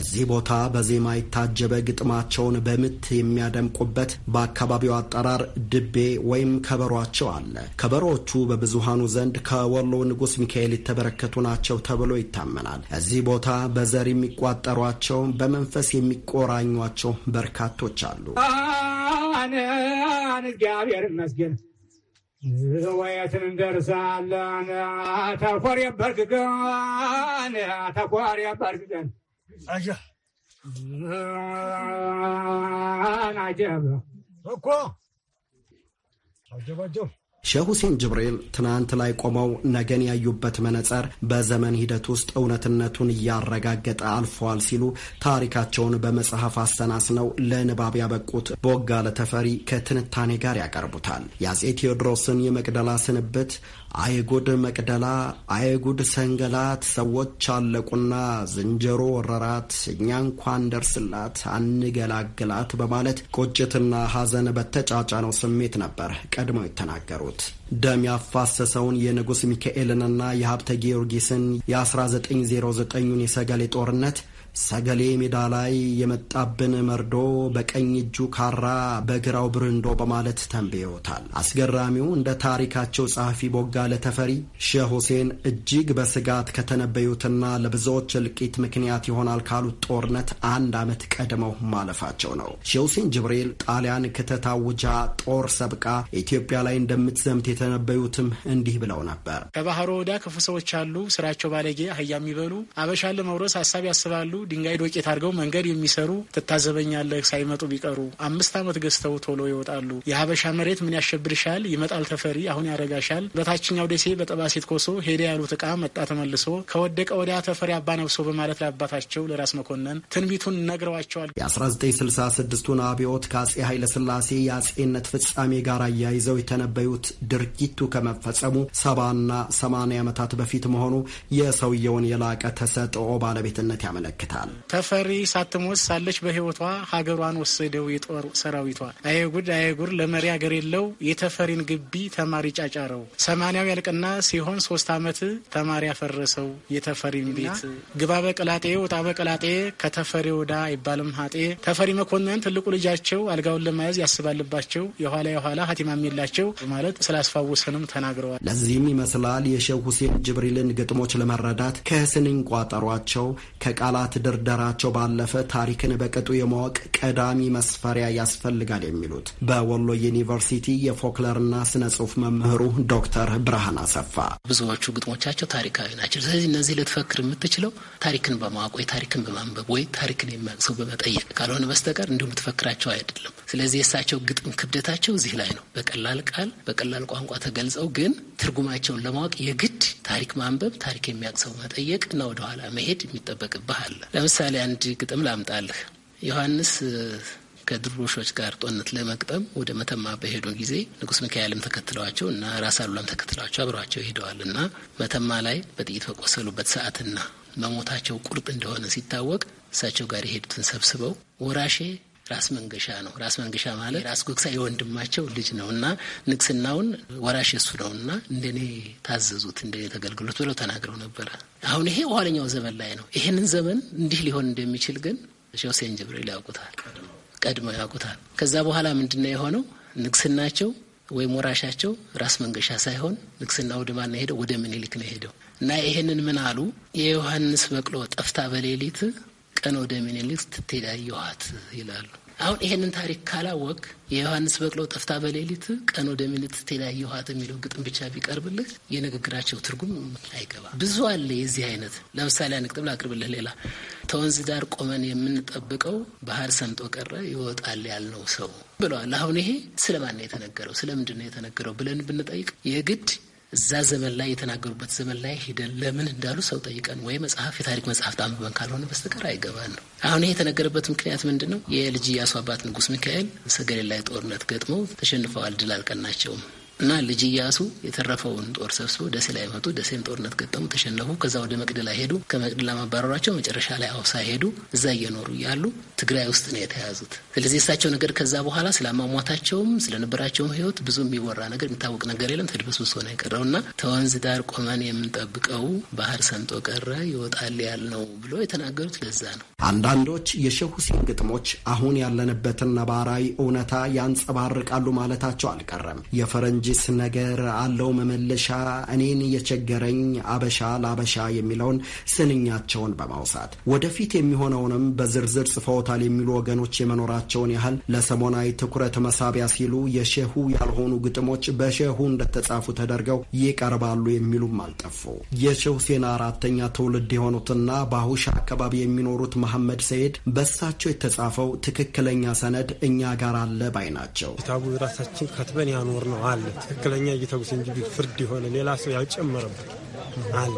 [SPEAKER 10] እዚህ ቦታ በዜማ የታጀበ ግጥማቸውን በምት የሚያደምቁበት በአካባቢው አጠራር ድቤ ወይም ከበሯቸው አለ። ከበሮዎቹ በብዙሃኑ ዘንድ ከወሎ ንጉሥ ሚካኤል የተበረከቱ ናቸው ተብሎ ይታመናል። እዚህ ቦታ በዘር የሚቋጠሯቸው በመንፈስ የሚቆራኟቸው በርካቶች አሉ።
[SPEAKER 3] እግዚአብሔር ይመስገን። ዘወየትን እንደርሳለን ተኮር የበርግገን ተኮር የበርግገን አጀብ እኮ አጀባጀብ
[SPEAKER 10] ሼህ ሁሴን ጅብሪል ትናንት ላይ ቆመው ነገን ያዩበት መነጽር በዘመን ሂደት ውስጥ እውነትነቱን እያረጋገጠ አልፏል ሲሉ ታሪካቸውን በመጽሐፍ አሰናስነው ለንባብ ያበቁት ቦጋለ ተፈሪ ከትንታኔ ጋር ያቀርቡታል። የአጼ ቴዎድሮስን የመቅደላ ስንብት አይጉድ መቅደላ አይጉድ ሰንገላት፣ ሰዎች አለቁና ዝንጀሮ ወረራት፣ እኛ እንኳን ደርስላት አንገላግላት በማለት ቁጭትና ሐዘን በተጫጫነው ስሜት ነበር ቀድመው የተናገሩት። ደም ያፋሰሰውን የንጉሥ ሚካኤልንና የሀብተ ጊዮርጊስን የ1909ን የሰገሌ ጦርነት ሰገሌ ሜዳ ላይ የመጣብን መርዶ በቀኝ እጁ ካራ በግራው ብርንዶ በማለት ተንብዮታል። አስገራሚው እንደ ታሪካቸው ጸሐፊ ቦጋለ ተፈሪ ሼህ ሁሴን እጅግ በስጋት ከተነበዩትና ለብዙዎች እልቂት ምክንያት ይሆናል ካሉት ጦርነት አንድ ዓመት ቀድመው ማለፋቸው ነው። ሼህ ሁሴን ጅብሪል ጣሊያን አውጃ፣ ጦር ሰብቃ ኢትዮጵያ ላይ እንደምትዘምት የተነበዩትም እንዲህ ብለው ነበር።
[SPEAKER 11] ከባህሮ ወዳ ክፉ ሰዎች አሉ፣ ስራቸው ባለጌ፣ አህያ የሚበሉ አበሻ ለመውረስ ሀሳብ ያስባሉ ድንጋይ ዶቄት አድርገው መንገድ የሚሰሩ ትታዘበኛለህ ሳይመጡ ቢቀሩ አምስት ዓመት ገዝተው ቶሎ ይወጣሉ። የሀበሻ መሬት ምን ያሸብርሻል ይመጣል ተፈሪ አሁን ያረጋሻል። በታችኛው ደሴ በጠባሴት ኮሶ ሄደ ያሉት ዕቃ መጣ ተመልሶ ከወደቀ ወዲያ ተፈሪ አባ ነብሶ በማለት ለአባታቸው ለራስ መኮንን ትንቢቱን ነግረዋቸዋል።
[SPEAKER 10] የ1966ቱን አብዮት ከአጼ ኃይለስላሴ የአጼነት ፍጻሜ ጋር አያይዘው የተነበዩት ድርጊቱ ከመፈጸሙ ሰባና ሰማንያ ዓመታት በፊት መሆኑ የሰውየውን የላቀ ተሰጥኦ ባለቤትነት ያመለክታል። ይመለከታል።
[SPEAKER 11] ተፈሪ ሳትሞት ሳለች በህይወቷ ሀገሯን ወሰደው የጦር ሰራዊቷ። አየጉድ አየጉር ለመሪ ሀገር የለው የተፈሪን ግቢ ተማሪ ጫጫረው። ሰማንያው ያልቅና ሲሆን ሶስት አመት ተማሪ ያፈረሰው የተፈሪን ቤት ግባ በቀላጤ ወጣ በቀላጤ ከተፈሪ ወዳ አይባልም ሀጤ። ተፈሪ መኮንን ትልቁ ልጃቸው አልጋውን ለመያዝ ያስባልባቸው የኋላ የኋላ ሀቲማም የላቸው ማለት ስላስፋወሰንም ተናግረዋል።
[SPEAKER 10] ለዚህም ይመስላል የሼህ ሁሴን ጅብሪልን ግጥሞች ለመረዳት ከስንኝ ቋጠሯቸው ከቃላት ድርደራቸው ባለፈ ታሪክን በቅጡ የማወቅ ቀዳሚ መስፈሪያ ያስፈልጋል የሚሉት በወሎ ዩኒቨርሲቲ የፎክለርና
[SPEAKER 12] ስነ ጽሁፍ መምህሩ ዶክተር ብርሃን አሰፋ ብዙዎቹ ግጥሞቻቸው ታሪካዊ ናቸው። ስለዚህ እነዚህ ልትፈክር የምትችለው ታሪክን በማወቅ ወይ ታሪክን በማንበብ ወይ ታሪክን የሚያቅሰው በመጠየቅ ካልሆነ በስተቀር እንዲሁ ትፈክራቸው አይደለም። ስለዚህ የእሳቸው ግጥም ክብደታቸው እዚህ ላይ ነው። በቀላል ቃል በቀላል ቋንቋ ተገልጸው ግን ትርጉማቸውን ለማወቅ የግድ ታሪክ ማንበብ፣ ታሪክ የሚያቅሰው መጠየቅ እና ወደኋላ መሄድ የሚጠበቅብህ አለ። ለምሳሌ አንድ ግጥም ላምጣልህ። ዮሐንስ ከድሮሾች ጋር ጦርነት ለመግጠም ወደ መተማ በሄዱ ጊዜ ንጉስ ሚካኤልም ተከትለዋቸው እና ራስ አሉላም ተከትለዋቸው አብረዋቸው ሄደዋል እና መተማ ላይ በጥይት በቆሰሉበት ሰዓትና መሞታቸው ቁርጥ እንደሆነ ሲታወቅ እሳቸው ጋር የሄዱትን ሰብስበው ወራሼ ራስ መንገሻ ነው። ራስ መንገሻ ማለት ራስ ጎግሳ የወንድማቸው ልጅ ነው እና ንግስናውን ወራሽ የሱ ነው እና እንደኔ ታዘዙት እንደኔ ተገልግሎት ብለው ተናግረው ነበረ። አሁን ይሄ ኋለኛው ዘመን ላይ ነው። ይህንን ዘመን እንዲህ ሊሆን እንደሚችል ግን ሸውሴን ሁሴን ጅብሪል ያውቁታል፣ ቀድሞ ያውቁታል። ከዛ በኋላ ምንድነው የሆነው? ንግስናቸው ወይም ወራሻቸው ራስ መንገሻ ሳይሆን ንግስና ወደ ማን ሄደው? ወደ ምኒልክ ነው ሄደው እና ይህንን ምን አሉ? የዮሐንስ በቅሎ ጠፍታ በሌሊት ቀን ወደ ምኒልክ ስትሄድ አየኋት ይላሉ። አሁን ይሄንን ታሪክ ካላወቅ የዮሐንስ በቅሎ ጠፍታ በሌሊት ቀን ወደ ምኒልክ ስትሄድ አየኋት የሚለው ግጥም ብቻ ቢቀርብልህ የንግግራቸው ትርጉም አይገባ ብዙ አለ የዚህ አይነት። ለምሳሌ አንድ ግጥም ላቅርብልህ። ሌላ ተወንዝ ዳር ቆመን የምንጠብቀው ባህር ሰምጦ ቀረ ይወጣል ያልነው ሰው ብለዋል። አሁን ይሄ ስለማን ነው የተነገረው? ስለምንድን ነው የተነገረው ብለን ብንጠይቅ የግድ እዛ ዘመን ላይ የተናገሩበት ዘመን ላይ ሂደን ለምን እንዳሉ ሰው ጠይቀን ወይ መጽሐፍ የታሪክ መጽሐፍ አንብበን ካልሆነ በስተቀር አይገባን ነው። አሁን ይሄ የተነገረበት ምክንያት ምንድን ነው? የልጅ ኢያሱ አባት ንጉስ ሚካኤል ሰገሌ ላይ ጦርነት ገጥመው ተሸንፈዋል። ድል አልቀናቸውም። እና ልጅ እያሱ የተረፈውን ጦር ሰብስቦ ደሴ ላይ መጡ። ደሴን ጦርነት ገጠሙ፣ ተሸነፉ። ከዛ ወደ መቅደላ ሄዱ። ከመቅደላ ማባረሯቸው መጨረሻ ላይ አውሳ ሄዱ። እዛ እየኖሩ ያሉ ትግራይ ውስጥ ነው የተያዙት። ስለዚህ እሳቸው ነገር ከዛ በኋላ ስለአሟሟታቸውም ስለነበራቸውም ህይወት ብዙ የሚወራ ነገር የሚታወቅ ነገር የለም። ተድበስብሶ ሆነ የቀረው እና ተወንዝ ዳር ቆመን የምንጠብቀው ባህር ሰምጦ ቀረ ይወጣል ነው ብሎ የተናገሩት ለዛ ነው።
[SPEAKER 10] አንዳንዶች የሼህ ሁሴን ግጥሞች አሁን ያለንበትን ነባራዊ እውነታ ያንጸባርቃሉ ማለታቸው አልቀረም። የፈረንጅ ጂስ ነገር አለው መመለሻ እኔን የቸገረኝ አበሻ ለአበሻ የሚለውን ስንኛቸውን በማውሳት ወደፊት የሚሆነውንም በዝርዝር ጽፈውታል የሚሉ ወገኖች የመኖራቸውን ያህል ለሰሞናዊ ትኩረት መሳቢያ ሲሉ የሼሁ ያልሆኑ ግጥሞች በሼሁ እንደተጻፉ ተደርገው ይቀርባሉ የሚሉም አልጠፉ። የሼሁ ሴና አራተኛ ትውልድ የሆኑትና በአሁሻ አካባቢ የሚኖሩት መሐመድ ሰይድ በሳቸው የተጻፈው ትክክለኛ ሰነድ እኛ ጋር አለ ባይ ናቸው።
[SPEAKER 11] ኪታቡ ራሳችን ከትበን ያኖር ነው አለ ትክክለኛ እየተጉስ እንጂ ፍርድ የሆነ ሌላ ሰው ያልጨመረበት አለ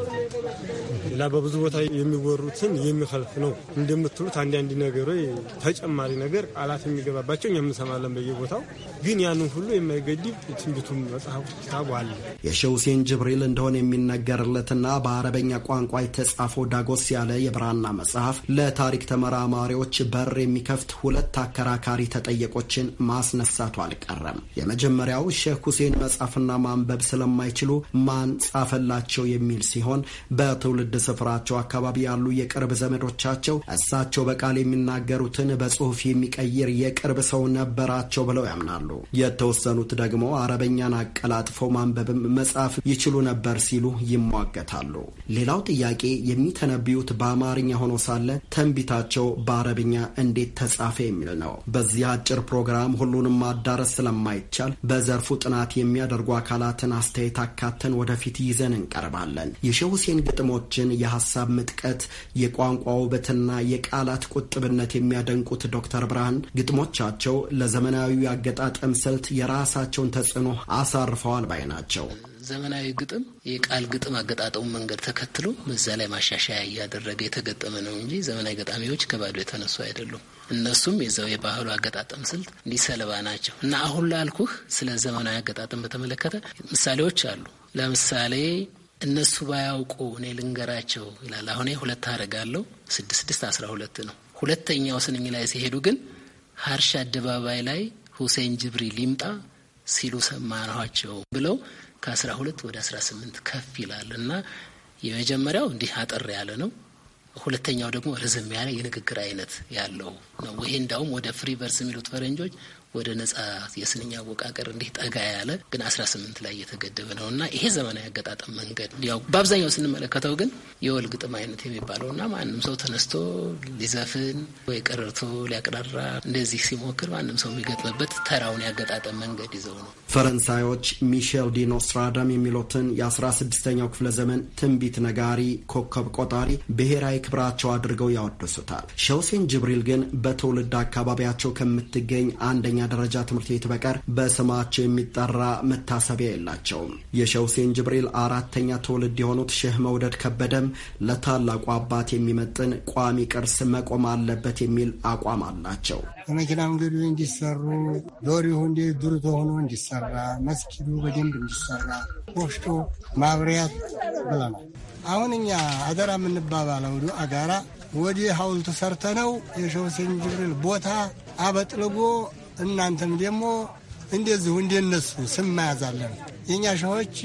[SPEAKER 11] እና በብዙ ቦታ የሚወሩትን የሚከልፍ ነው እንደምትሉት አንዳንድ ነገሮች ተጨማሪ ነገር ቃላት የሚገባባቸው እኛ የምንሰማለን በየቦታው ግን ያንን ሁሉ የማይገድብ ትንቢቱም መጽሐፍ ኪታቡ አለ።
[SPEAKER 10] የሸውሴን ሁሴን ጅብሪል እንደሆነ የሚነገርለትና በአረበኛ ቋንቋ የተጻፈው ዳጎስ ያለ የብራና መጽሐፍ ለታሪክ ተመራማሪዎች በር የሚከፍት ሁለት አከራካሪ ተጠየቆችን ማስነሳቱ አልቀረም። የመጀመሪያው ሼህ ሁሴን መጻፍና ማንበብ ስለማይችሉ ማን ጻፈላቸው የሚል ሲሆን በትውልድ ስፍራቸው አካባቢ ያሉ የቅርብ ዘመዶቻቸው እሳቸው በቃል የሚናገሩትን በጽሁፍ የሚቀይር የቅርብ ሰው ነበራቸው ብለው ያምናሉ። የተወሰኑት ደግሞ አረበኛን አቀላጥፈው ማንበብም መጻፍ ይችሉ ነበር ሲሉ ይሟገታሉ። ሌላው ጥያቄ የሚተነብዩት በአማርኛ ሆኖ ሳለ ትንቢታቸው በአረብኛ እንዴት ተጻፈ የሚል ነው። በዚህ አጭር ፕሮግራም ሁሉንም ማዳረስ ስለማይቻል በዘርፉ ጥናት የሚያደርጉ አካላትን አስተያየት አካተን ወደፊት ይዘን እንቀርባለን። የሼህ ሁሴን ግጥሞችን የሀሳብ ምጥቀት፣ የቋንቋ ውበትና የቃላት ቁጥብነት የሚያደንቁት ዶክተር ብርሃን ግጥሞቻቸው ለዘመናዊ አገጣጠም ስልት የራሳቸውን ተጽዕኖ አሳርፈዋል ባይ ናቸው።
[SPEAKER 12] ዘመናዊ ግጥም የቃል ግጥም አገጣጠሙ መንገድ ተከትሎ በዛ ላይ ማሻሻያ እያደረገ የተገጠመ ነው እንጂ ዘመናዊ ገጣሚዎች ከባዶ የተነሱ አይደሉም። እነሱም የዛው የባህሉ አገጣጠም ስልት እንዲሰለባ ናቸው እና አሁን ላልኩህ ስለ ዘመናዊ አገጣጠም በተመለከተ ምሳሌዎች አሉ። ለምሳሌ እነሱ ባያውቁ እኔ ልንገራቸው ይላል። አሁን ሁለት አረጋለሁ ስድስት ስድስት አስራ ሁለት ነው። ሁለተኛው ስንኝ ላይ ሲሄዱ ግን ሀርሻ አደባባይ ላይ ሁሴን ጅብሪ ሊምጣ ሲሉ ሰማኋቸው ብለው ከአስራ ሁለት ወደ አስራ ስምንት ከፍ ይላል እና የመጀመሪያው እንዲህ አጠር ያለ ነው። ሁለተኛው ደግሞ ርዝም ያለ የንግግር አይነት ያለው ነው። ይሄ እንዳውም ወደ ፍሪ ቨርስ የሚሉት ፈረንጆች ወደ ነጻ የስንኛ አወቃቀር እንዲህ ጠጋ ያለ ግን ስምንት ላይ እየተገደበ ነው እና ይሄ ዘመናዊ አገጣጠም መንገድ ያው በአብዛኛው ስንመለከተው ግን የወል ግጥም አይነት የሚባለው እና ማንም ሰው ተነስቶ ሊዘፍን ወይ ቀረርቶ ሊያቅራራ እንደዚህ ሲሞክር ማንም ሰው የሚገጥምበት ተራውን ያገጣጠም መንገድ ይዘው ነው።
[SPEAKER 10] ፈረንሳዮች ሚሼል ዲ ኖስትራዳም የሚሉትን 16 ስድስተኛው ክፍለ ዘመን ትንቢት ነጋሪ ኮከብ ቆጣሪ ብሔራዊ ክብራቸው አድርገው ያወድሱታል። ሸውሴን ጅብሪል ግን በትውልድ አካባቢያቸው ከምትገኝ አንደኛ ደረጃ ትምህርት ቤት በቀር በስማቸው የሚጠራ መታሰቢያ የላቸውም። የሸውሴን ጅብሪል አራተኛ ትውልድ የሆኑት ሼህ መውደድ ከበደም ለታላቁ አባት የሚመጥን ቋሚ ቅርስ መቆም አለበት የሚል አቋም አላቸው።
[SPEAKER 11] መኪና መንገዱ እንዲሰሩ ዶሪሁ እንዲ ዱርቶ ሆኖ እንዲሰ እንዲሰራ፣ መስጊዱ በደንብ እንዲሰራ፣ ወፍጮ ማብሪያት ብለናል። አሁን እኛ አደራ የምንባባለው አጋራ ወዲህ ሐውልት ነው የሸው ጅብሪል ቦታ አበጥልጎ እናንተም ደግሞ እንደዚሁ እንደነሱ ስም መያዛለን። የእኛ ሸዎች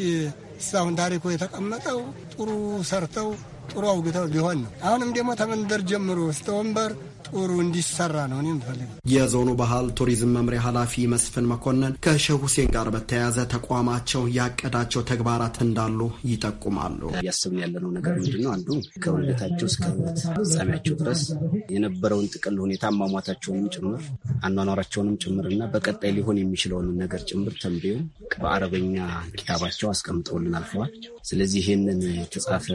[SPEAKER 11] እስካሁን ታሪኮ የተቀመጠው ጥሩ ሰርተው ጥሩ አውግተው ሊሆን ነው። አሁንም ደግሞ ተመንበር ጀምሮ እስተ ወንበር ጥሩ እንዲሰራ ነው እኔ የምፈልገው።
[SPEAKER 10] የዞኑ ባህል ቱሪዝም መምሪያ ኃላፊ መስፍን መኮንን ከሸ ሁሴን ጋር በተያያዘ ተቋማቸው ያቀዳቸው ተግባራት እንዳሉ ይጠቁማሉ።
[SPEAKER 5] እያሰብን ያለነው ነገር ነው? አንዱ ከውልደታቸው እስከ ሕይወት ፍጻሜያቸው ድረስ የነበረውን ጥቅል ሁኔታ አሟሟታቸውንም ጭምር አኗኗራቸውንም ጭምርና በቀጣይ ሊሆን የሚችለውን ነገር ጭምር ተንብዮ በአረበኛ ኪታባቸው አስቀምጠውልን አልፈዋል። ስለዚህ ይህንን የተጻፈ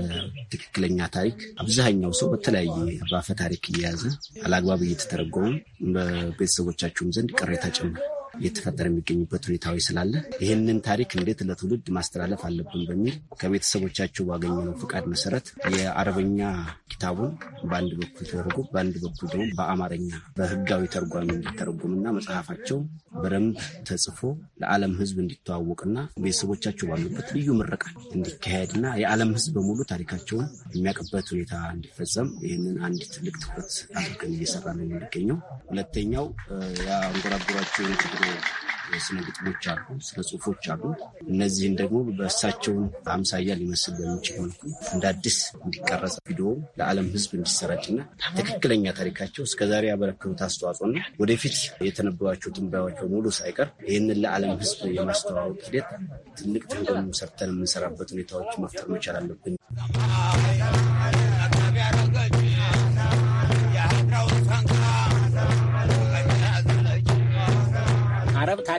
[SPEAKER 5] ትክክለኛ ታሪክ አብዛኛው ሰው በተለያየ ራፈ ታሪክ እየያዘ አላግባብ እየተተረጎሙ በቤተሰቦቻችሁም ዘንድ ቅሬታ ጭምር እየተፈጠረ የሚገኝበት ሁኔታዊ ስላለ ይህንን ታሪክ እንዴት ለትውልድ ማስተላለፍ አለብን በሚል ከቤተሰቦቻቸው ባገኘነው ፍቃድ መሰረት የአረበኛ ኪታቡን በአንድ በኩል ተደርጎ በአንድ በኩል ደግሞ በአማርኛ በህጋዊ ተርጓሚ እንዲተረጉምና መጽሐፋቸው በደንብ ተጽፎ ለዓለም ሕዝብ እንዲተዋወቅና ቤተሰቦቻቸው ባሉበት ልዩ ምረቃል እንዲካሄድና የዓለም ሕዝብ በሙሉ ታሪካቸውን የሚያውቅበት ሁኔታ እንዲፈጸም ይህንን አንድ ትልቅ ትኩረት አድርገን እየሰራ ነው የሚገኘው። ሁለተኛው የአንጎራጎራቸውን ችግር ስነ ግጥሞች አሉ፣ ስነ ጽሁፎች አሉ። እነዚህን ደግሞ በእሳቸውን አምሳያ ሊመስል በሚችል መልኩ እንደ አዲስ እንዲቀረጽ ቪዲዮ ለዓለም ሕዝብ እንዲሰራጭና ትክክለኛ ታሪካቸው እስከዛሬ ያበረከቱት አስተዋጽኦና ወደፊት የተነበባቸው ትንባያቸው ሙሉ ሳይቀር ይህንን ለዓለም ሕዝብ የማስተዋወቅ ሂደት ትልቅ ትንገም ሰርተን የምንሰራበት ሁኔታዎች መፍጠር መቻል አለብን።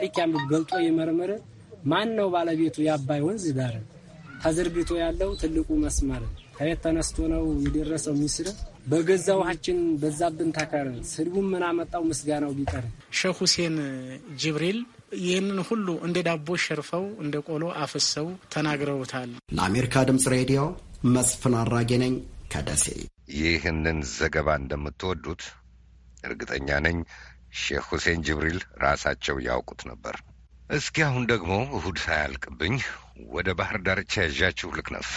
[SPEAKER 5] ታሪክ ያሉት ገልጦ የመርምር ማን ነው ባለቤቱ የአባይ ወንዝ ዳር ተዘርግቶ ያለው ትልቁ መስመር ከየት ተነስቶ ነው የደረሰው ሚስር በገዛ ውሃችን በዛብን ታከር ስድቡን ምን አመጣው
[SPEAKER 11] ምስጋናው ቢቀር ሼህ ሁሴን ጅብሪል ይህንን ሁሉ እንደ ዳቦ ሸርፈው እንደ ቆሎ አፍሰው ተናግረውታል።
[SPEAKER 10] ለአሜሪካ ድምፅ ሬዲዮ መስፍን አራጌ
[SPEAKER 2] ነኝ ከደሴ። ይህንን ዘገባ እንደምትወዱት እርግጠኛ ነኝ። ሼህ ሁሴን ጅብሪል ራሳቸው ያውቁት ነበር። እስኪ አሁን ደግሞ እሁድ ሳያልቅብኝ ወደ ባህር ዳርቻ ያዣችሁ ልክነፍ።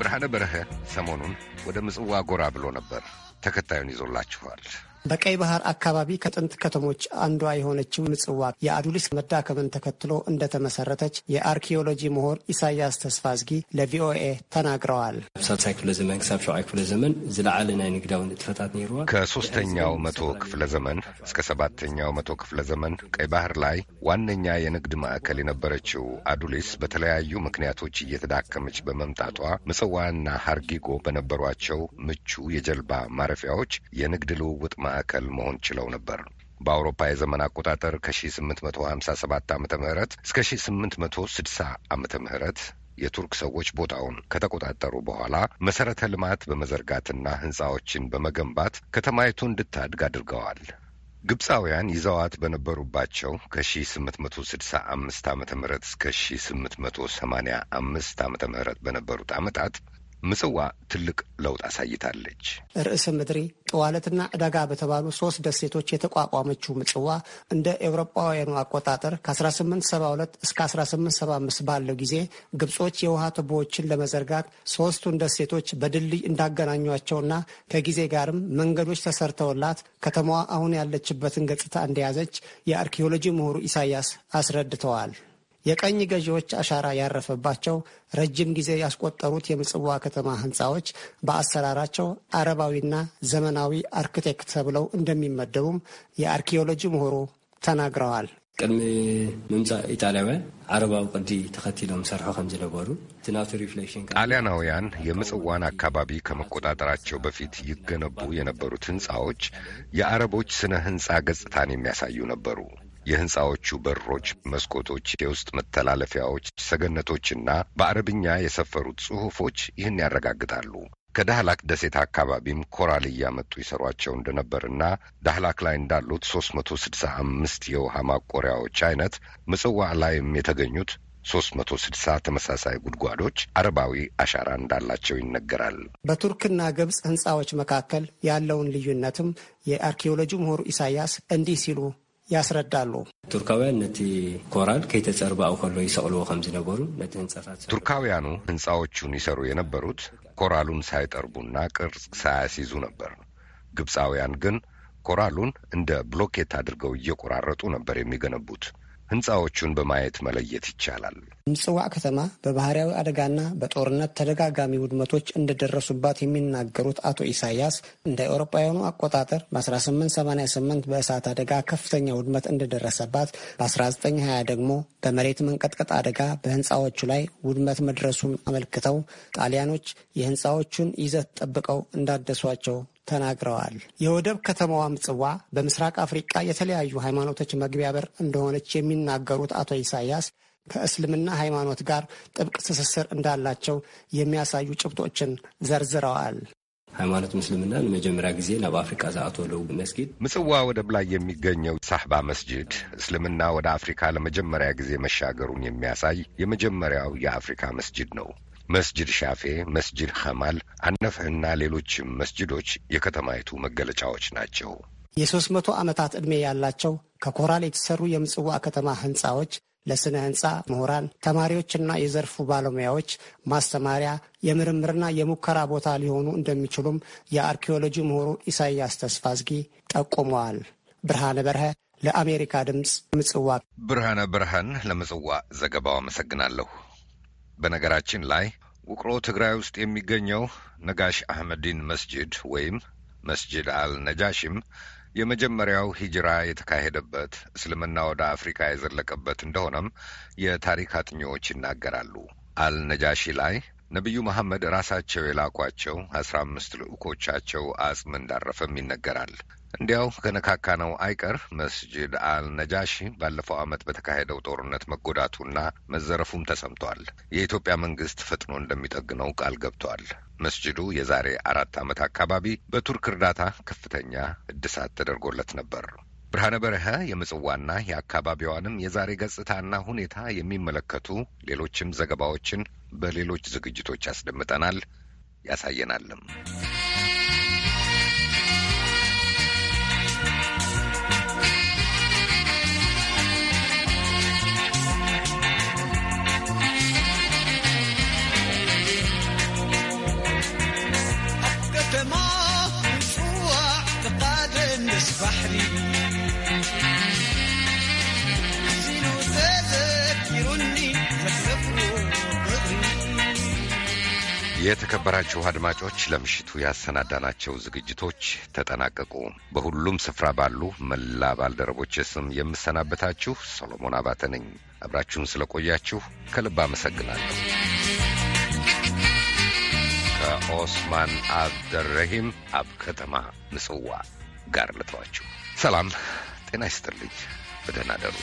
[SPEAKER 2] ብርሃነ በረሀ ሰሞኑን ወደ ምጽዋ ጎራ ብሎ ነበር። ተከታዩን ይዞላችኋል።
[SPEAKER 13] በቀይ ባህር አካባቢ ከጥንት ከተሞች አንዷ የሆነችው ምጽዋ የአዱሊስ መዳከምን ተከትሎ እንደተመሰረተች የአርኪኦሎጂ ምሁር ኢሳያስ ተስፋዝጊ ለቪኦኤ ተናግረዋል።
[SPEAKER 5] ሳሳይ ክፍለ ዘመን ክሳብ ሸውዓይ ክፍለ ዘመን ዝለዓለ ናይ ንግዳዊ ንጥፈታት ነይሩዋ። ከሶስተኛው መቶ ክፍለ
[SPEAKER 2] ዘመን እስከ ሰባተኛው መቶ ክፍለ ዘመን ቀይ ባህር ላይ ዋነኛ የንግድ ማዕከል የነበረችው አዱሊስ በተለያዩ ምክንያቶች እየተዳከመች በመምጣቷ ምጽዋና ሀርጊጎ በነበሯቸው ምቹ የጀልባ ማረፊያዎች የንግድ ልውውጥ ማዕከል መሆን ችለው ነበር። በአውሮፓ የዘመን አቆጣጠር ከ1857 ዓ ም እስከ 1860 ዓ ም የቱርክ ሰዎች ቦታውን ከተቆጣጠሩ በኋላ መሰረተ ልማት በመዘርጋትና ህንፃዎችን በመገንባት ከተማይቱ እንድታድግ አድርገዋል። ግብፃውያን ይዘዋት በነበሩባቸው ከ1865 ዓ ም እስከ 1885 ዓ ም በነበሩት ዓመታት ምጽዋ ትልቅ ለውጥ አሳይታለች።
[SPEAKER 13] ርዕሰ ምድሪ ጠዋለትና ዕዳጋ በተባሉ ሶስት ደሴቶች የተቋቋመችው ምጽዋ እንደ ኤውሮጳውያኑ አቆጣጠር ከ1872 እስከ 1875 ባለው ጊዜ ግብጾች የውሃ ቱቦዎችን ለመዘርጋት ሶስቱን ደሴቶች በድልድይ እንዳገናኟቸውና ከጊዜ ጋርም መንገዶች ተሰርተውላት ከተማዋ አሁን ያለችበትን ገጽታ እንደያዘች የአርኪኦሎጂ ምሁሩ ኢሳያስ አስረድተዋል። የቀኝ ገዢዎች አሻራ ያረፈባቸው ረጅም ጊዜ ያስቆጠሩት የምጽዋ ከተማ ህንፃዎች በአሰራራቸው አረባዊና ዘመናዊ አርክቴክት ተብለው እንደሚመደቡም የአርኪኦሎጂ ምሁሩ ተናግረዋል።
[SPEAKER 5] ቅድሚ ምምፃእ ኢጣሊያውያን ዓረባዊ ቅዲ ተኸቲሎም ሰርሖ ከም ዝነበሩ
[SPEAKER 2] ጣልያናውያን የምጽዋን አካባቢ ከመቆጣጠራቸው በፊት ይገነቡ የነበሩት ህንፃዎች የአረቦች ስነ ህንፃ ገጽታን የሚያሳዩ ነበሩ። የህንፃዎቹ በሮች፣ መስኮቶች፣ የውስጥ መተላለፊያዎች፣ ሰገነቶችና በአረብኛ የሰፈሩት ጽሑፎች ይህን ያረጋግጣሉ። ከዳህላክ ደሴት አካባቢም ኮራል እያመጡ ይሰሯቸው እንደነበርና ዳህላክ ላይ እንዳሉት 365 መቶ የውሃ ማቆሪያዎች አይነት ምጽዋ ላይም የተገኙት 360 ተመሳሳይ ጉድጓዶች አረባዊ አሻራ እንዳላቸው ይነገራል።
[SPEAKER 13] በቱርክና ግብፅ ህንፃዎች መካከል ያለውን ልዩነትም የአርኪኦሎጂ ምሁር ኢሳያስ እንዲህ ሲሉ ያስረዳሉ።
[SPEAKER 2] ቱርካውያን
[SPEAKER 5] ነቲ ኮራል ከይተፀርባኡ ከሎ ይሰቅልዎ ከም ዝነበሩ ነቲ ህንፃታት
[SPEAKER 2] ቱርካውያኑ ህንፃዎቹን ይሰሩ የነበሩት ኮራሉን ሳይጠርቡና ቅርጽ ሳያስይዙ ነበር። ግብፃውያን ግን ኮራሉን እንደ ብሎኬት አድርገው እየቆራረጡ ነበር የሚገነቡት። ህንፃዎቹን በማየት መለየት ይቻላል።
[SPEAKER 13] ምጽዋ ከተማ በባህርያዊ አደጋና በጦርነት ተደጋጋሚ ውድመቶች እንደደረሱባት የሚናገሩት አቶ ኢሳያስ እንደ አውሮፓውያኑ አቆጣጠር በ1888 በእሳት አደጋ ከፍተኛ ውድመት እንደደረሰባት፣ በ1920 ደግሞ በመሬት መንቀጥቀጥ አደጋ በህንፃዎቹ ላይ ውድመት መድረሱን አመልክተው ጣሊያኖች የህንፃዎቹን ይዘት ጠብቀው እንዳደሷቸው ተናግረዋል። የወደብ ከተማዋ ምጽዋ በምስራቅ አፍሪቃ የተለያዩ ሃይማኖቶች መግቢያ በር እንደሆነች የሚናገሩት አቶ ኢሳያስ ከእስልምና ሃይማኖት ጋር ጥብቅ ትስስር እንዳላቸው የሚያሳዩ ጭብጦችን ዘርዝረዋል።
[SPEAKER 2] ሃይማኖት ምስልምናን ለመጀመሪያ ጊዜ ናብ አፍሪካ ለው መስጊድ ምጽዋ ወደብ ላይ የሚገኘው ሳህባ መስጂድ እስልምና ወደ አፍሪካ ለመጀመሪያ ጊዜ መሻገሩን የሚያሳይ የመጀመሪያው የአፍሪካ መስጂድ ነው። መስጅድ ሻፌ፣ መስጅድ ሐማል፣ አነፍህና ሌሎችም መስጅዶች የከተማይቱ መገለጫዎች ናቸው።
[SPEAKER 13] የሶስት መቶ ዓመታት ዕድሜ ያላቸው ከኮራል የተሠሩ የምጽዋ ከተማ ሕንፃዎች ለሥነ ሕንፃ ምሁራን፣ ተማሪዎችና የዘርፉ ባለሙያዎች ማስተማሪያ፣ የምርምርና የሙከራ ቦታ ሊሆኑ እንደሚችሉም የአርኪኦሎጂ ምሁሩ ኢሳይያስ ተስፋዝጊ ጠቁመዋል። ብርሃነ በርሀ ለአሜሪካ ድምፅ ምጽዋ።
[SPEAKER 2] ብርሃነ ብርሃን ለምጽዋ ዘገባው አመሰግናለሁ። በነገራችን ላይ ውቅሮ ትግራይ ውስጥ የሚገኘው ነጋሽ አህመዲን መስጅድ ወይም መስጅድ አል ነጃሽም የመጀመሪያው ሂጅራ የተካሄደበት እስልምና ወደ አፍሪካ የዘለቀበት እንደሆነም የታሪክ አጥኚዎች ይናገራሉ። አልነጃሺ ላይ ነቢዩ መሐመድ ራሳቸው የላኳቸው አስራ አምስት ልዑኮቻቸው አጽም እንዳረፈም ይነገራል። እንዲያው ከነካካ ነው አይቀር መስጅድ አልነጃሺ ባለፈው ዓመት በተካሄደው ጦርነት መጎዳቱና መዘረፉም ተሰምቷል። የኢትዮጵያ መንግስት ፈጥኖ እንደሚጠግነው ቃል ገብቷል። መስጅዱ የዛሬ አራት ዓመት አካባቢ በቱርክ እርዳታ ከፍተኛ እድሳት ተደርጎለት ነበር። ብርሃነ በረሀ የምጽዋና የአካባቢዋንም የዛሬ ገጽታና ሁኔታ የሚመለከቱ ሌሎችም ዘገባዎችን በሌሎች ዝግጅቶች ያስደምጠናል ያሳየናልም። የተከበራችሁ አድማጮች ለምሽቱ ያሰናዳናቸው ዝግጅቶች ተጠናቀቁ። በሁሉም ስፍራ ባሉ መላ ባልደረቦች ስም የምሰናበታችሁ ሰሎሞን አባተ ነኝ። አብራችሁን ስለቆያችሁ ከልብ አመሰግናለሁ። ከኦስማን አብደረሂም አብ ከተማ ምጽዋ ጋር ልተዋችሁ። ሰላም ጤና ይስጥልኝ። በደህና ደሩ።